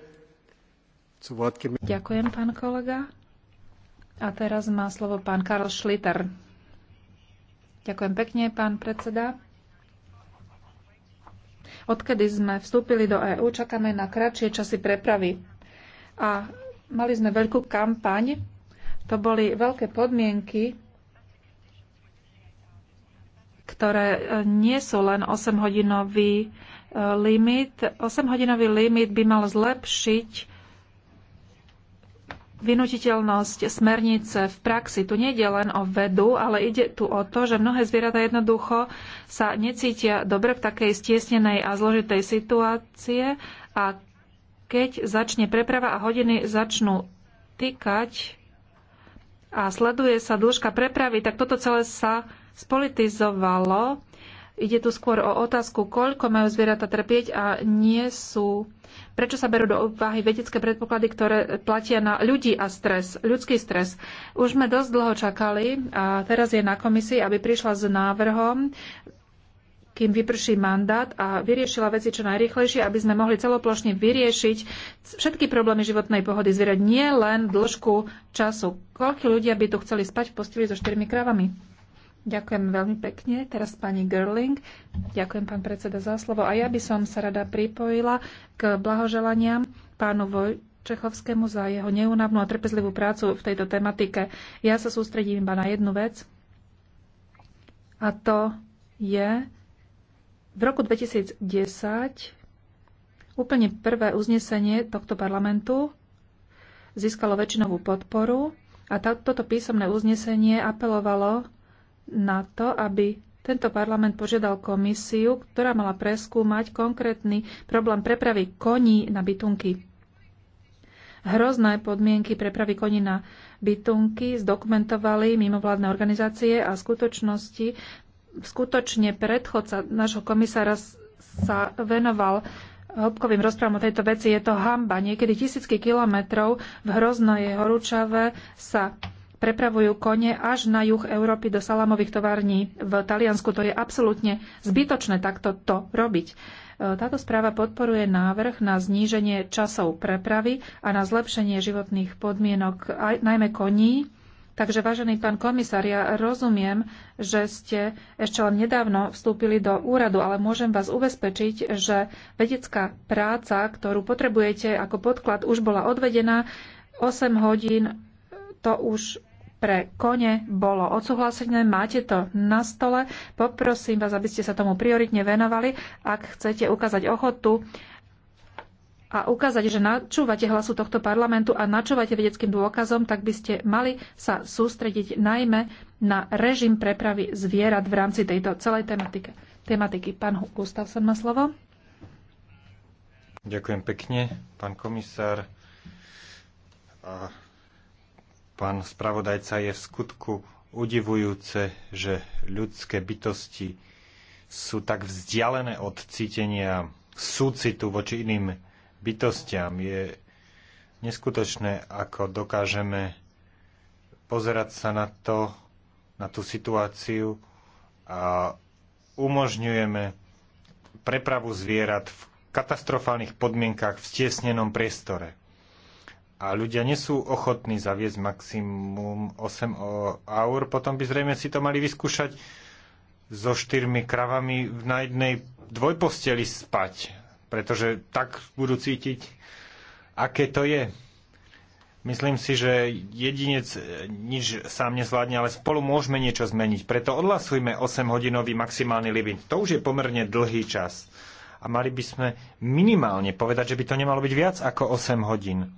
Ďakujem, pán kolega. A teraz má slovo pán Karl Schlitter. Ďakujem pekne, pán predseda. Odkedy sme vstúpili do EÚ, čakáme na kratšie časy prepravy. A mali sme veľkú kampaň. To boli veľké podmienky, ktoré e, nie sú len 8-hodinový e, limit. 8-hodinový limit by mal zlepšiť vynutiteľnosť smernice v praxi. Tu nejde len o vedu, ale ide tu o to, že mnohé zvieratá jednoducho sa necítia dobre v takej stiesnenej a zložitej situácie a keď začne preprava a hodiny začnú týkať a sleduje sa dĺžka prepravy, tak toto celé sa spolitizovalo Ide tu skôr o otázku, koľko majú zvieratá trpieť a nie sú. Prečo sa berú do úvahy vedecké predpoklady, ktoré platia na ľudí a stres, ľudský stres? Už sme dosť dlho čakali a teraz je na komisii, aby prišla s návrhom, kým vyprší mandát a vyriešila veci čo najrychlejšie, aby sme mohli celoplošne vyriešiť všetky problémy životnej pohody zvierat, nie len dĺžku času. Koľko ľudia by tu chceli spať v posteli so štyrmi krávami? Ďakujem veľmi pekne. Teraz pani Gerling. Ďakujem, pán predseda, za slovo. A ja by som sa rada pripojila k blahoželaniam pánu Vojčechovskému za jeho neunavnú a trpezlivú prácu v tejto tematike. Ja sa sústredím iba na jednu vec. A to je v roku 2010 úplne prvé uznesenie tohto parlamentu získalo väčšinovú podporu a toto písomné uznesenie apelovalo na to, aby tento parlament požiadal komisiu, ktorá mala preskúmať konkrétny problém prepravy koní na bytunky. Hrozné podmienky prepravy koní na bytunky zdokumentovali mimovládne organizácie a skutočnosti, skutočne predchodca nášho komisára sa venoval hĺbkovým rozprávom o tejto veci. Je to hamba. Niekedy tisícky kilometrov v hrozno horúčave sa prepravujú kone až na juh Európy do salamových tovární v Taliansku. To je absolútne zbytočné takto to robiť. E, táto správa podporuje návrh na zníženie časov prepravy a na zlepšenie životných podmienok aj, najmä koní, Takže, vážený pán komisár, ja rozumiem, že ste ešte len nedávno vstúpili do úradu, ale môžem vás ubezpečiť, že vedecká práca, ktorú potrebujete ako podklad, už bola odvedená. 8 hodín to už pre kone bolo odsúhlasené, máte to na stole. Poprosím vás, aby ste sa tomu prioritne venovali, ak chcete ukázať ochotu a ukázať, že načúvate hlasu tohto parlamentu a načúvate vedeckým dôkazom, tak by ste mali sa sústrediť najmä na režim prepravy zvierat v rámci tejto celej tematike. tematiky. Pán Gustavson má slovo. Ďakujem pekne, pán komisár. A pán spravodajca, je v skutku udivujúce, že ľudské bytosti sú tak vzdialené od cítenia súcitu voči iným bytostiam. Je neskutočné, ako dokážeme pozerať sa na to, na tú situáciu a umožňujeme prepravu zvierat v katastrofálnych podmienkach v stiesnenom priestore a ľudia nie sú ochotní zaviesť maximum 8 aur. potom by zrejme si to mali vyskúšať so štyrmi kravami na jednej dvojposteli spať, pretože tak budú cítiť, aké to je. Myslím si, že jedinec e, nič sám nezvládne, ale spolu môžeme niečo zmeniť. Preto odhlasujme 8-hodinový maximálny limit. To už je pomerne dlhý čas. A mali by sme minimálne povedať, že by to nemalo byť viac ako 8 hodín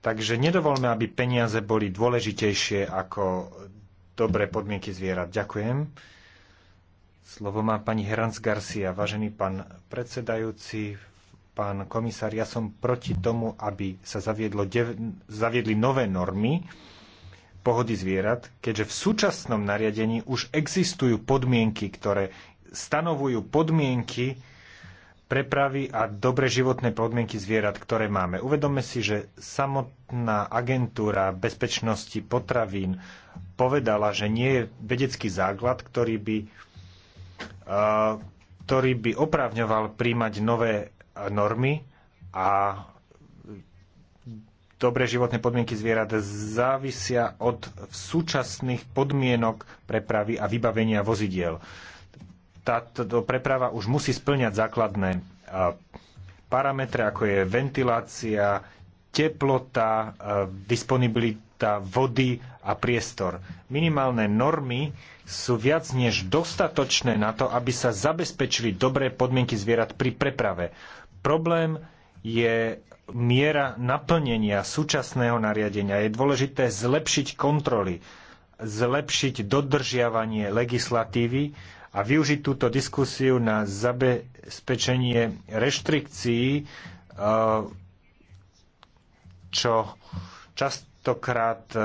Takže nedovolme, aby peniaze boli dôležitejšie ako dobré podmienky zvierat. Ďakujem. Slovo má pani Heranz Garcia. Vážený pán predsedajúci, pán komisár, ja som proti tomu, aby sa zaviedlo dev- zaviedli nové normy pohody zvierat, keďže v súčasnom nariadení už existujú podmienky, ktoré stanovujú podmienky, prepravy a dobre životné podmienky zvierat, ktoré máme. Uvedome si, že samotná agentúra bezpečnosti potravín povedala, že nie je vedecký základ, ktorý by, ktorý by opravňoval príjmať nové normy a dobré životné podmienky zvierat závisia od súčasných podmienok prepravy a vybavenia vozidiel. Uh, táto preprava už musí splňať základné parametre, ako je ventilácia, teplota, disponibilita vody a priestor. Minimálne normy sú viac než dostatočné na to, aby sa zabezpečili dobré podmienky zvierat pri preprave. Problém je miera naplnenia súčasného nariadenia. Je dôležité zlepšiť kontroly, zlepšiť dodržiavanie legislatívy a využiť túto diskusiu na zabezpečenie reštrikcií, e, čo častokrát e,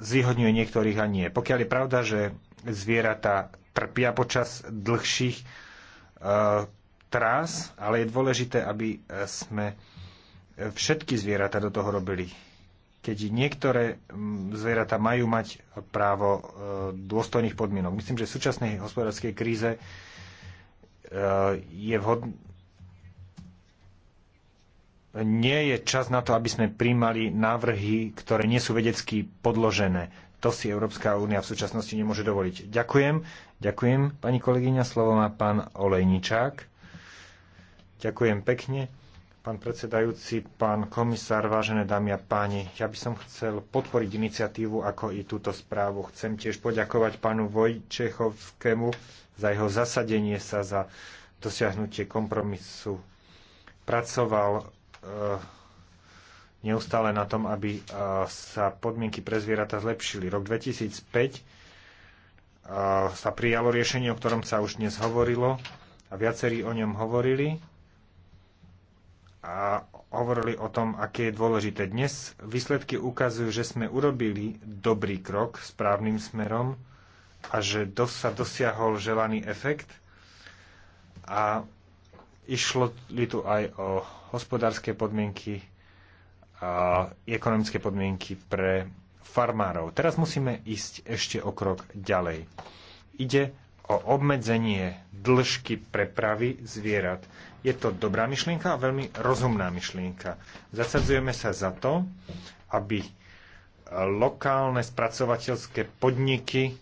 zvýhodňuje niektorých a nie. Pokiaľ je pravda, že zvieratá trpia počas dlhších e, trás, ale je dôležité, aby sme všetky zvieratá do toho robili keď niektoré zvieratá majú mať právo e, dôstojných podmienok. Myslím, že v súčasnej hospodárskej kríze e, je vhod... nie je čas na to, aby sme príjmali návrhy, ktoré nie sú vedecky podložené. To si Európska únia v súčasnosti nemôže dovoliť. Ďakujem. Ďakujem, pani kolegyňa. Slovo má pán Olejničák. Ďakujem pekne. Pán predsedajúci, pán komisár, vážené dámy a páni, ja by som chcel podporiť iniciatívu, ako i túto správu. Chcem tiež poďakovať pánu Vojčechovskému za jeho zasadenie sa za dosiahnutie kompromisu. Pracoval e neustále na tom, aby e, sa podmienky pre zvieratá zlepšili. Rok 2005 e, sa prijalo riešenie, o ktorom sa už dnes hovorilo a viacerí o ňom hovorili a hovorili o tom, aké je dôležité. Dnes výsledky ukazujú, že sme urobili dobrý krok správnym smerom a že dos- sa dosiahol želaný efekt. A išlo tu aj o hospodárske podmienky a ekonomické podmienky pre farmárov. Teraz musíme ísť ešte o krok ďalej. Ide o obmedzenie dĺžky prepravy zvierat. Je to dobrá myšlienka a veľmi rozumná myšlienka. Zasadzujeme sa za to, aby lokálne spracovateľské podniky e,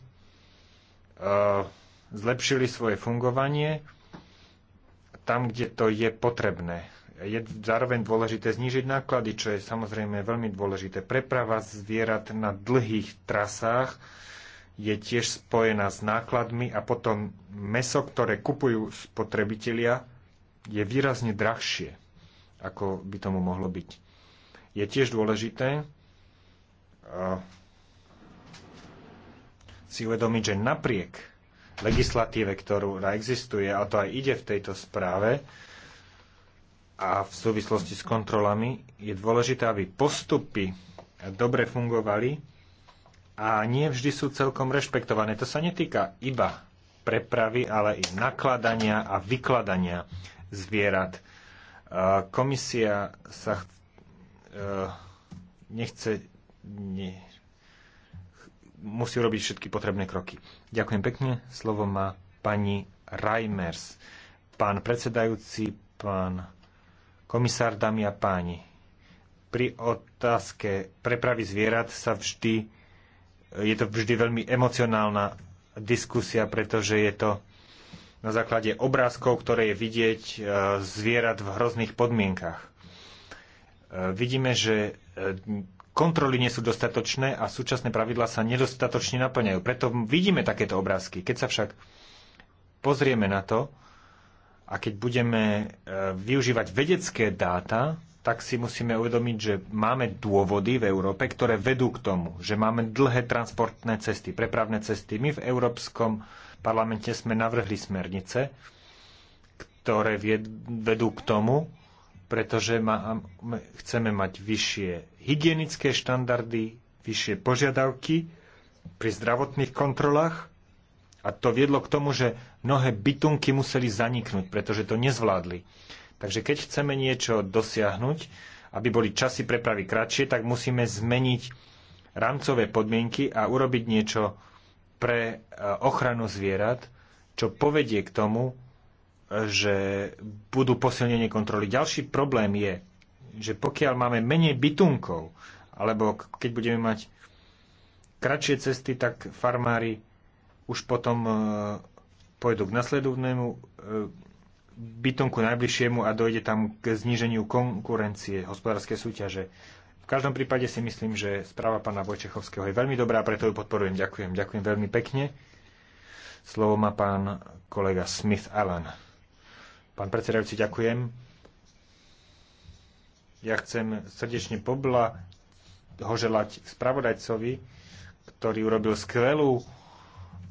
zlepšili svoje fungovanie tam, kde to je potrebné. Je zároveň dôležité znížiť náklady, čo je samozrejme veľmi dôležité. Preprava zvierat na dlhých trasách je tiež spojená s nákladmi a potom meso, ktoré kupujú spotrebitelia, je výrazne drahšie, ako by tomu mohlo byť. Je tiež dôležité eh, si uvedomiť, že napriek legislatíve, ktorú existuje, a to aj ide v tejto správe, a v súvislosti s kontrolami je dôležité, aby postupy dobre fungovali a nie vždy sú celkom rešpektované. To sa netýka iba prepravy, ale i nakladania a vykladania zvierat. Komisia sa ch- e, nechce ne- musí robiť všetky potrebné kroky. Ďakujem pekne. Slovo má pani Reimers. Pán predsedajúci, pán komisár, dámy a páni. Pri otázke prepravy zvierat sa vždy, je to vždy veľmi emocionálna diskusia, pretože je to na základe obrázkov, ktoré je vidieť e, zvierat v hrozných podmienkach. E, vidíme, že e, kontroly nie sú dostatočné a súčasné pravidlá sa nedostatočne naplňajú. Preto vidíme takéto obrázky. Keď sa však pozrieme na to a keď budeme využívať vedecké dáta, tak si musíme uvedomiť, že máme dôvody v Európe, ktoré vedú k tomu, že máme dlhé transportné cesty, prepravné cesty. My v Európskom parlamente sme navrhli smernice, ktoré vedú k tomu, pretože máme, chceme mať vyššie hygienické štandardy, vyššie požiadavky pri zdravotných kontrolách. A to viedlo k tomu, že mnohé bytunky museli zaniknúť, pretože to nezvládli. Takže keď chceme niečo dosiahnuť, aby boli časy prepravy kratšie, tak musíme zmeniť rámcové podmienky a urobiť niečo pre e, ochranu zvierat, čo povedie k tomu, e, že budú posilnenie kontroly. Ďalší problém je, že pokiaľ máme menej bytunkov, alebo keď budeme mať kratšie cesty, tak farmári už potom e, pôjdu k nasledovnému bytonku najbližšiemu a dojde tam k zníženiu konkurencie hospodárskej súťaže. V každom prípade si myslím, že správa pána Vojčechovského je veľmi dobrá, preto ju podporujem. Ďakujem. Ďakujem veľmi pekne. Slovo má pán kolega Smith Allen. Pán predsedajúci, ďakujem. Ja chcem srdečne pobla hoželať spravodajcovi, ktorý urobil skvelú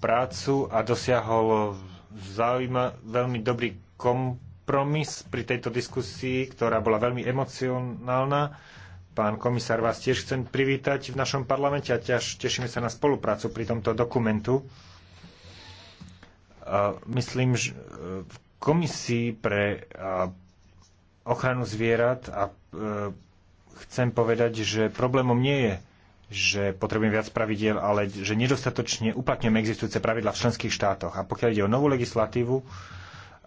prácu a dosiahol zaujíma veľmi dobrý kompromis pri tejto diskusii, ktorá bola veľmi emocionálna. Pán komisár, vás tiež chcem privítať v našom parlamente a tiež tešíme sa na spoluprácu pri tomto dokumentu. Myslím, že e, v komisii pre e, ochranu zvierat a e, chcem povedať, že problémom nie je, že potrebujeme viac pravidiel, ale že nedostatočne uplatňujeme existujúce pravidla v členských štátoch. A pokiaľ ide o novú legislatívu,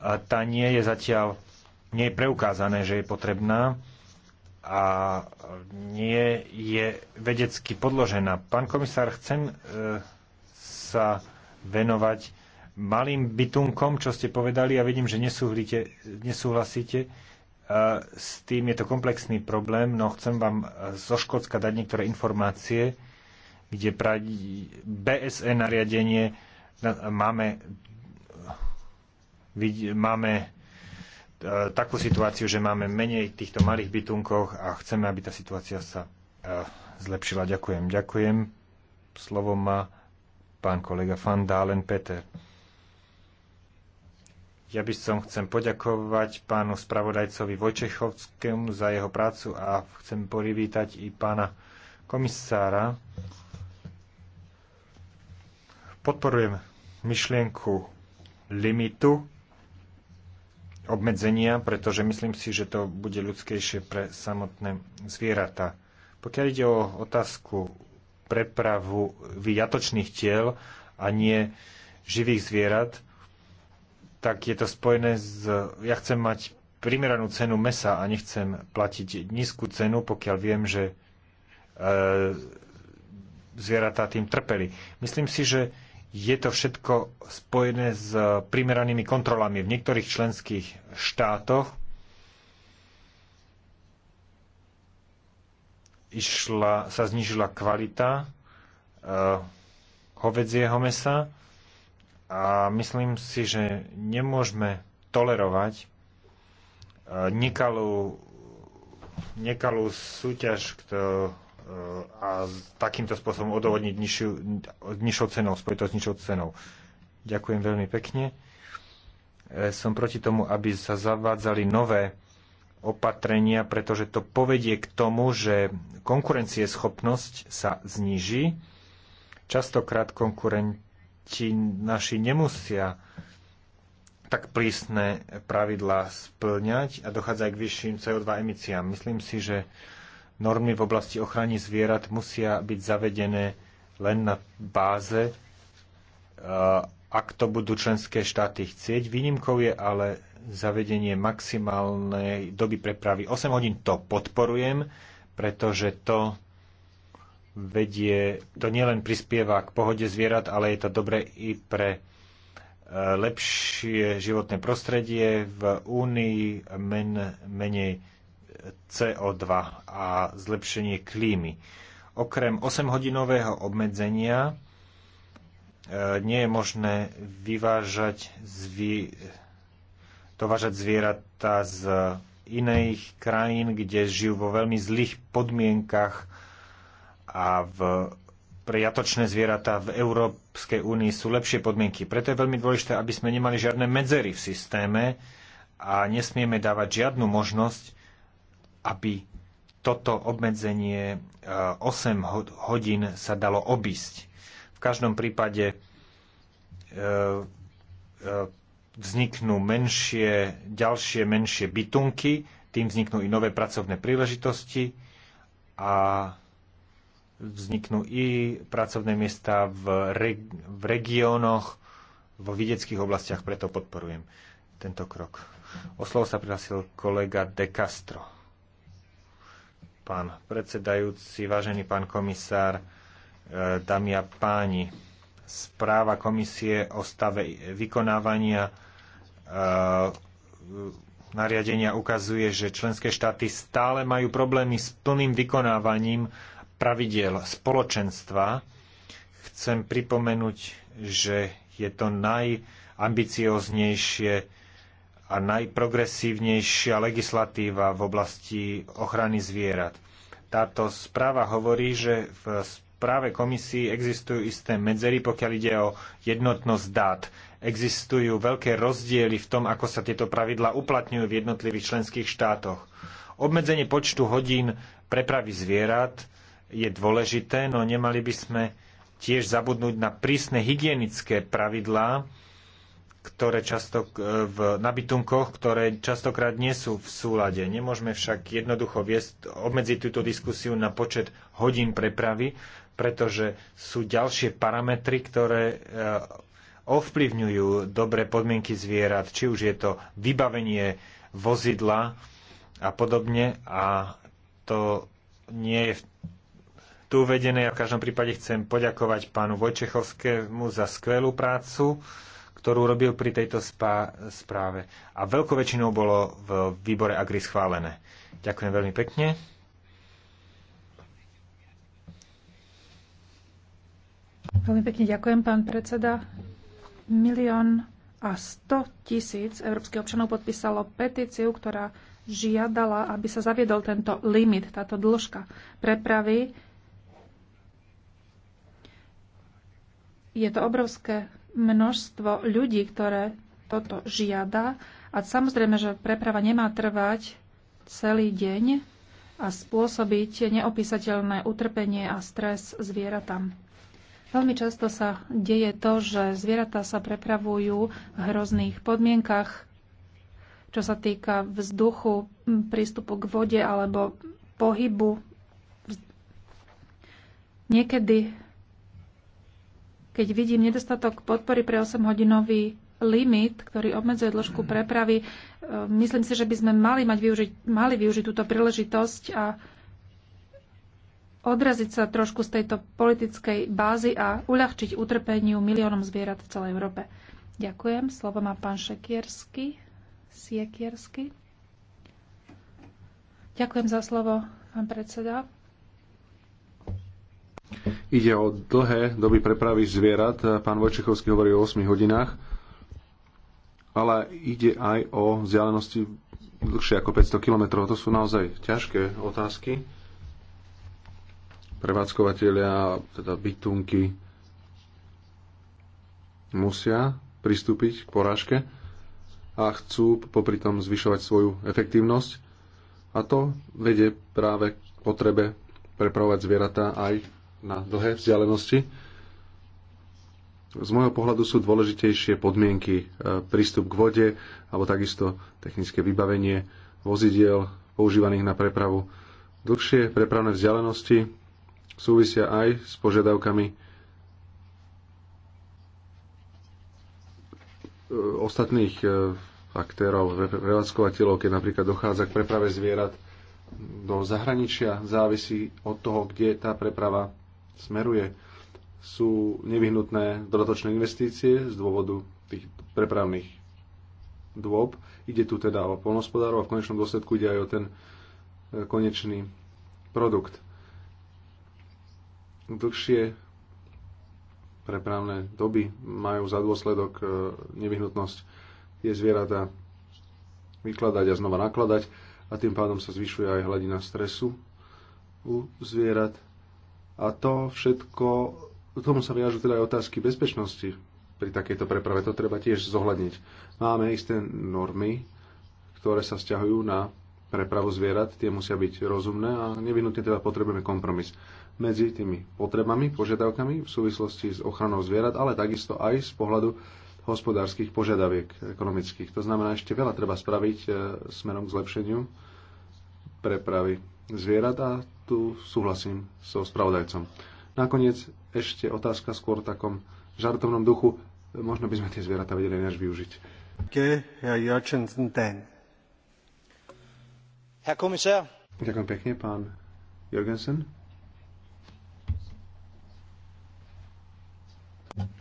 tá nie je zatiaľ, nie je preukázané, že je potrebná a nie je vedecky podložená. Pán komisár, chcem e, sa venovať malým bytunkom, čo ste povedali a ja vidím, že nesúhlasíte e, s tým. Je to komplexný problém, no chcem vám e, zo Škótska dať niektoré informácie, kde BSE nariadenie máme máme e, takú situáciu, že máme menej týchto malých bytunkoch a chceme, aby tá situácia sa e, zlepšila. Ďakujem. Ďakujem. Slovo má pán kolega Van Dalen Peter. Ja by som chcem poďakovať pánu spravodajcovi Vojčechovskému za jeho prácu a chcem privítať i pána komisára. Podporujem myšlienku limitu obmedzenia, pretože myslím si, že to bude ľudskejšie pre samotné zvieratá. Pokiaľ ide o otázku prepravu vyjatočných tiel a nie živých zvierat, tak je to spojené s... Ja chcem mať primeranú cenu mesa a nechcem platiť nízku cenu, pokiaľ viem, že e, zvieratá tým trpeli. Myslím si, že je to všetko spojené s primeranými kontrolami v niektorých členských štátoch. Išla, sa znižila kvalita uh, hovedzieho mesa a myslím si, že nemôžeme tolerovať uh, nekalú, nekalú súťaž, ktorú a takýmto spôsobom odovodniť nižšiu, nižšou cenou, spojitosť s nižšou cenou. Ďakujem veľmi pekne. E, som proti tomu, aby sa zavádzali nové opatrenia, pretože to povedie k tomu, že konkurencieschopnosť sa zníži. Častokrát konkurenti naši nemusia tak prísne pravidlá splňať a dochádza aj k vyšším CO2 emisiám. Myslím si, že normy v oblasti ochrany zvierat musia byť zavedené len na báze, e, ak to budú členské štáty chcieť. Výnimkou je ale zavedenie maximálnej doby prepravy. 8 hodín to podporujem, pretože to vedie, to nielen prispieva k pohode zvierat, ale je to dobre i pre e, lepšie životné prostredie v Únii, men, menej CO2 a zlepšenie klímy. Okrem 8-hodinového obmedzenia e, nie je možné vyvážať zvi- dovážať zvieratá z iných krajín, kde žijú vo veľmi zlých podmienkach a v prijatočné zvieratá v Európskej únii sú lepšie podmienky. Preto je veľmi dôležité, aby sme nemali žiadne medzery v systéme a nesmieme dávať žiadnu možnosť aby toto obmedzenie 8 e, hodín sa dalo obísť. V každom prípade e, e, vzniknú menšie, ďalšie menšie bytunky, tým vzniknú i nové pracovné príležitosti a vzniknú i pracovné miesta v, reg- v regiónoch, vo videckých oblastiach, preto podporujem tento krok. O slovo sa prihlásil kolega De Castro pán predsedajúci, vážený pán komisár, e, dámy a páni. Správa komisie o stave vykonávania e, nariadenia ukazuje, že členské štáty stále majú problémy s plným vykonávaním pravidiel spoločenstva. Chcem pripomenúť, že je to najambicioznejšie a najprogresívnejšia legislatíva v oblasti ochrany zvierat. Táto správa hovorí, že v správe komisii existujú isté medzery, pokiaľ ide o jednotnosť dát. Existujú veľké rozdiely v tom, ako sa tieto pravidlá uplatňujú v jednotlivých členských štátoch. Obmedzenie počtu hodín prepravy zvierat je dôležité, no nemali by sme tiež zabudnúť na prísne hygienické pravidlá, ktoré často v nabitunkoch, ktoré častokrát nie sú v súlade. Nemôžeme však jednoducho viesť, obmedziť túto diskusiu na počet hodín prepravy, pretože sú ďalšie parametry, ktoré e, ovplyvňujú dobré podmienky zvierat, či už je to vybavenie vozidla a podobne. A to nie je tu uvedené. Ja v každom prípade chcem poďakovať pánu Vojčechovskému za skvelú prácu ktorú robil pri tejto spá- správe. A veľkou väčšinou bolo v výbore Agri schválené. Ďakujem veľmi pekne. Veľmi pekne ďakujem, pán predseda. Milión a 100 tisíc európskych občanov podpísalo petíciu, ktorá žiadala, aby sa zaviedol tento limit, táto dĺžka prepravy. Je to obrovské množstvo ľudí, ktoré toto žiada. A samozrejme, že preprava nemá trvať celý deň a spôsobiť neopísateľné utrpenie a stres zvieratám. Veľmi často sa deje to, že zvieratá sa prepravujú v hrozných podmienkach, čo sa týka vzduchu, prístupu k vode alebo pohybu. Niekedy keď vidím nedostatok podpory pre 8-hodinový limit, ktorý obmedzuje dĺžku prepravy, e, myslím si, že by sme mali, mať využiť, mali využiť túto príležitosť a odraziť sa trošku z tejto politickej bázy a uľahčiť utrpeniu miliónom zvierat v celej Európe. Ďakujem. Slovo má pán Šekiersky. Siekiersky. Ďakujem za slovo, pán predseda. Ide o dlhé doby prepravy zvierat. Pán Vojčechovský hovorí o 8 hodinách, ale ide aj o vzdialenosti dlhšie ako 500 km. To sú naozaj ťažké otázky. Prevádzkovateľia, teda bytunky, musia pristúpiť k porážke a chcú popri tom zvyšovať svoju efektívnosť. A to vedie práve k potrebe prepravovať zvieratá aj na dlhé vzdialenosti. Z môjho pohľadu sú dôležitejšie podmienky, e, prístup k vode alebo takisto technické vybavenie vozidiel používaných na prepravu. Dlhšie prepravné vzdialenosti súvisia aj s požiadavkami e, ostatných e, aktérov, prevádzkovateľov, keď napríklad dochádza k preprave zvierat do zahraničia, závisí od toho, kde tá preprava smeruje. Sú nevyhnutné dodatočné investície z dôvodu tých prepravných dôb. Ide tu teda o polnospodárov a v konečnom dôsledku ide aj o ten e, konečný produkt. Dlhšie prepravné doby majú za dôsledok e, nevyhnutnosť tie zvieratá vykladať a znova nakladať a tým pádom sa zvyšuje aj hladina stresu u zvierat a to všetko, k tomu sa viažú teda aj otázky bezpečnosti pri takejto preprave. To treba tiež zohľadniť. Máme isté normy, ktoré sa vzťahujú na prepravu zvierat, tie musia byť rozumné a nevinutne teda potrebujeme kompromis medzi tými potrebami, požiadavkami v súvislosti s ochranou zvierat, ale takisto aj z pohľadu hospodárskych požiadaviek ekonomických. To znamená, ešte veľa treba spraviť e, smerom k zlepšeniu prepravy zvierat a tu súhlasím so spravodajcom. Nakoniec ešte otázka skôr v takom žartovnom duchu. Možno by sme tie zvieratá vedeli než využiť. Ďakujem pekne, pán Jorgensen.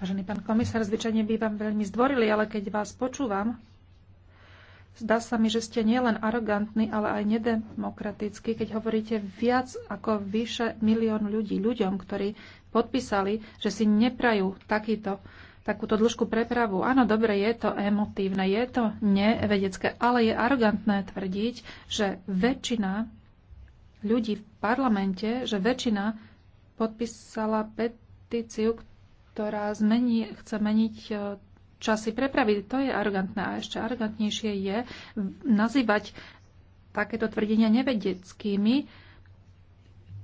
Vážený pán komisár, zvyčajne bývam veľmi zdvorilý, ale keď vás počúvam, Zdá sa mi, že ste nielen arogantní, ale aj nedemokratickí, keď hovoríte viac ako vyše milión ľudí, ľuďom, ktorí podpísali, že si neprajú takýto, takúto dĺžku prepravu. Áno, dobre, je to emotívne, je to nevedecké, ale je arogantné tvrdiť, že väčšina ľudí v parlamente, že väčšina podpísala petíciu, ktorá zmení, chce meniť e, časy prepravy. To je arrogantné. a ešte arrogantnejšie je nazývať takéto tvrdenia nevedeckými.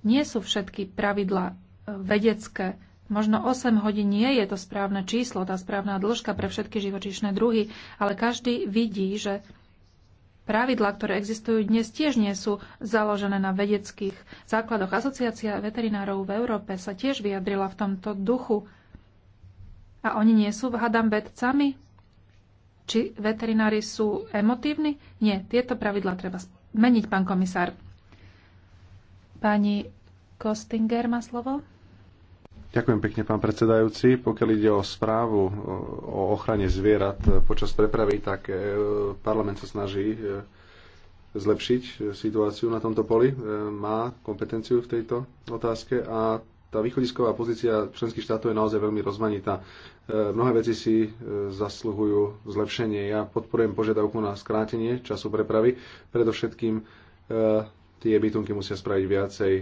Nie sú všetky pravidla e, vedecké. Možno 8 hodín nie je to správne číslo, tá správna dĺžka pre všetky živočíšne druhy, ale každý vidí, že Pravidlá, ktoré existujú dnes, tiež nie sú založené na vedeckých základoch. Asociácia veterinárov v Európe sa tiež vyjadrila v tomto duchu. A oni nie sú, hádam, vedcami? Či veterinári sú emotívni? Nie, tieto pravidla treba meniť, pán komisár. Pani Kostinger má slovo. Ďakujem pekne, pán predsedajúci. Pokiaľ ide o správu o ochrane zvierat počas prepravy, tak e, parlament sa snaží e, zlepšiť e, situáciu na tomto poli. Má kompetenciu v tejto otázke a tá východisková pozícia členských štátov je naozaj veľmi rozmanitá. E, mnohé veci si e, zasluhujú zlepšenie. Ja podporujem požiadavku na skrátenie času prepravy. Predovšetkým e, tie bytunky musia spraviť viacej.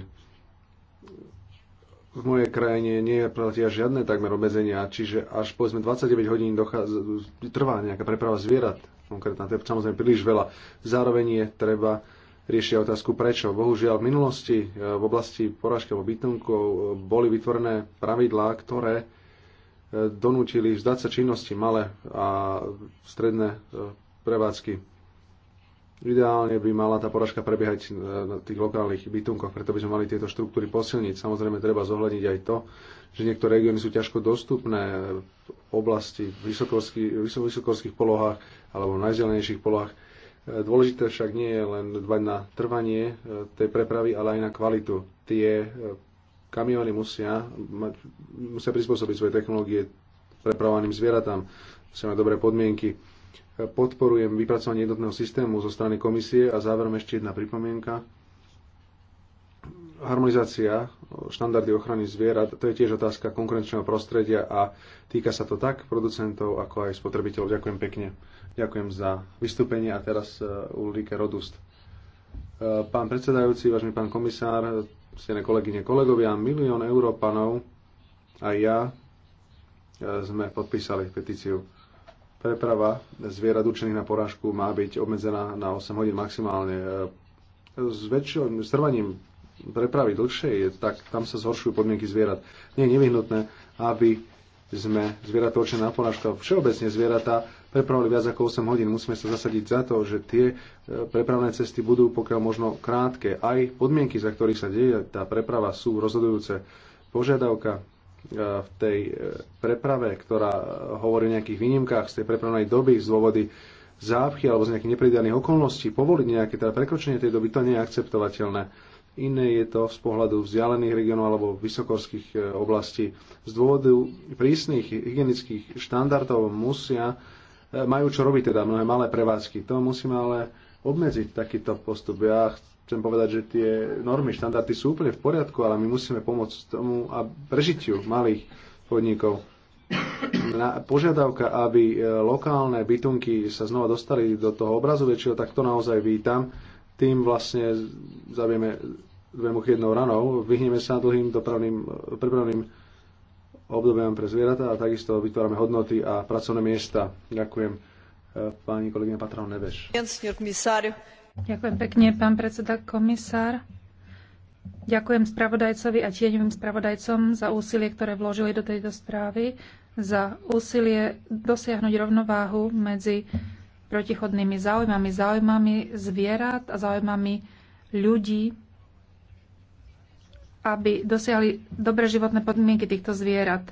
V mojej krajine nie platia žiadne takmer obmedzenia, čiže až povedzme 29 hodín dochádza, trvá nejaká preprava zvierat. Konkrétne to je samozrejme príliš veľa. Zároveň je treba riešia otázku prečo. Bohužiaľ v minulosti e, v oblasti porážky alebo bytunkov e, boli vytvorené pravidlá, ktoré e, donútili vzdať sa činnosti malé a stredné prevádzky. Ideálne by mala tá poražka prebiehať na tých lokálnych bytunkoch, preto by sme mali tieto štruktúry posilniť. Samozrejme, treba zohľadniť aj to, že niektoré regióny sú ťažko dostupné v oblasti vysokorských, polohách alebo v najzelenejších polohách Dôležité však nie je len dbať na trvanie e, tej prepravy, ale aj na kvalitu. Tie e, kamiony musia, mať, musia prispôsobiť svoje technológie prepravovaným zvieratám, musia mať dobré podmienky. E, podporujem vypracovanie jednotného systému zo strany komisie a záverom ešte jedna pripomienka. Harmonizácia štandardy ochrany zvierat, to je tiež otázka konkurenčného prostredia a týka sa to tak producentov, ako aj spotrebiteľov. Ďakujem pekne. Ďakujem za vystúpenie a teraz e, Ulrike Rodust. E, pán predsedajúci, vážený pán komisár, stené kolegyne, kolegovia, milión Európanov a ja e, sme podpísali petíciu. Preprava zvierat učených na porážku má byť obmedzená na 8 hodín maximálne. S väčším strvaním prepravy dlhšie, tak tam sa zhoršujú podmienky zvierat. Nie je nevyhnutné, aby sme zvieratá určené na porážku, všeobecne zvieratá prepravili viac ako 8 hodín. Musíme sa zasadiť za to, že tie e, prepravné cesty budú pokiaľ možno krátke. Aj podmienky, za ktorých sa deje tá preprava, sú rozhodujúce. Požiadavka e, v tej e, preprave, ktorá hovorí o nejakých výnimkách z tej prepravnej doby, z dôvody zápchy alebo z nejakých nepridaných okolností, povoliť nejaké teda prekročenie tej doby, to nie je akceptovateľné. Iné je to z pohľadu vzdialených regionov alebo vysokorských oblastí. Z dôvodu prísnych hygienických štandardov musia majú čo robiť teda mnohé malé prevádzky. To musíme ale obmedziť takýto postup. Ja chcem povedať, že tie normy, štandardy sú úplne v poriadku, ale my musíme pomôcť tomu a prežitiu malých podnikov. Na, požiadavka, aby e, lokálne bytunky sa znova dostali do toho obrazu väčšieho, tak to naozaj vítam. Tým vlastne zavieme dve muchy jednou ranou, vyhneme sa dlhým dopravným, e, prepravným obdobiam pre zvieratá a takisto vytvárame hodnoty a pracovné miesta. Ďakujem eh, pani kolegyne Patrón Neveš. Ďakujem pekne, pán predseda komisár. Ďakujem spravodajcovi a tieňovým spravodajcom za úsilie, ktoré vložili do tejto správy, za úsilie dosiahnuť rovnováhu medzi protichodnými záujmami, záujmami zvierat a záujmami ľudí, aby dosiahli dobré životné podmienky týchto zvierat.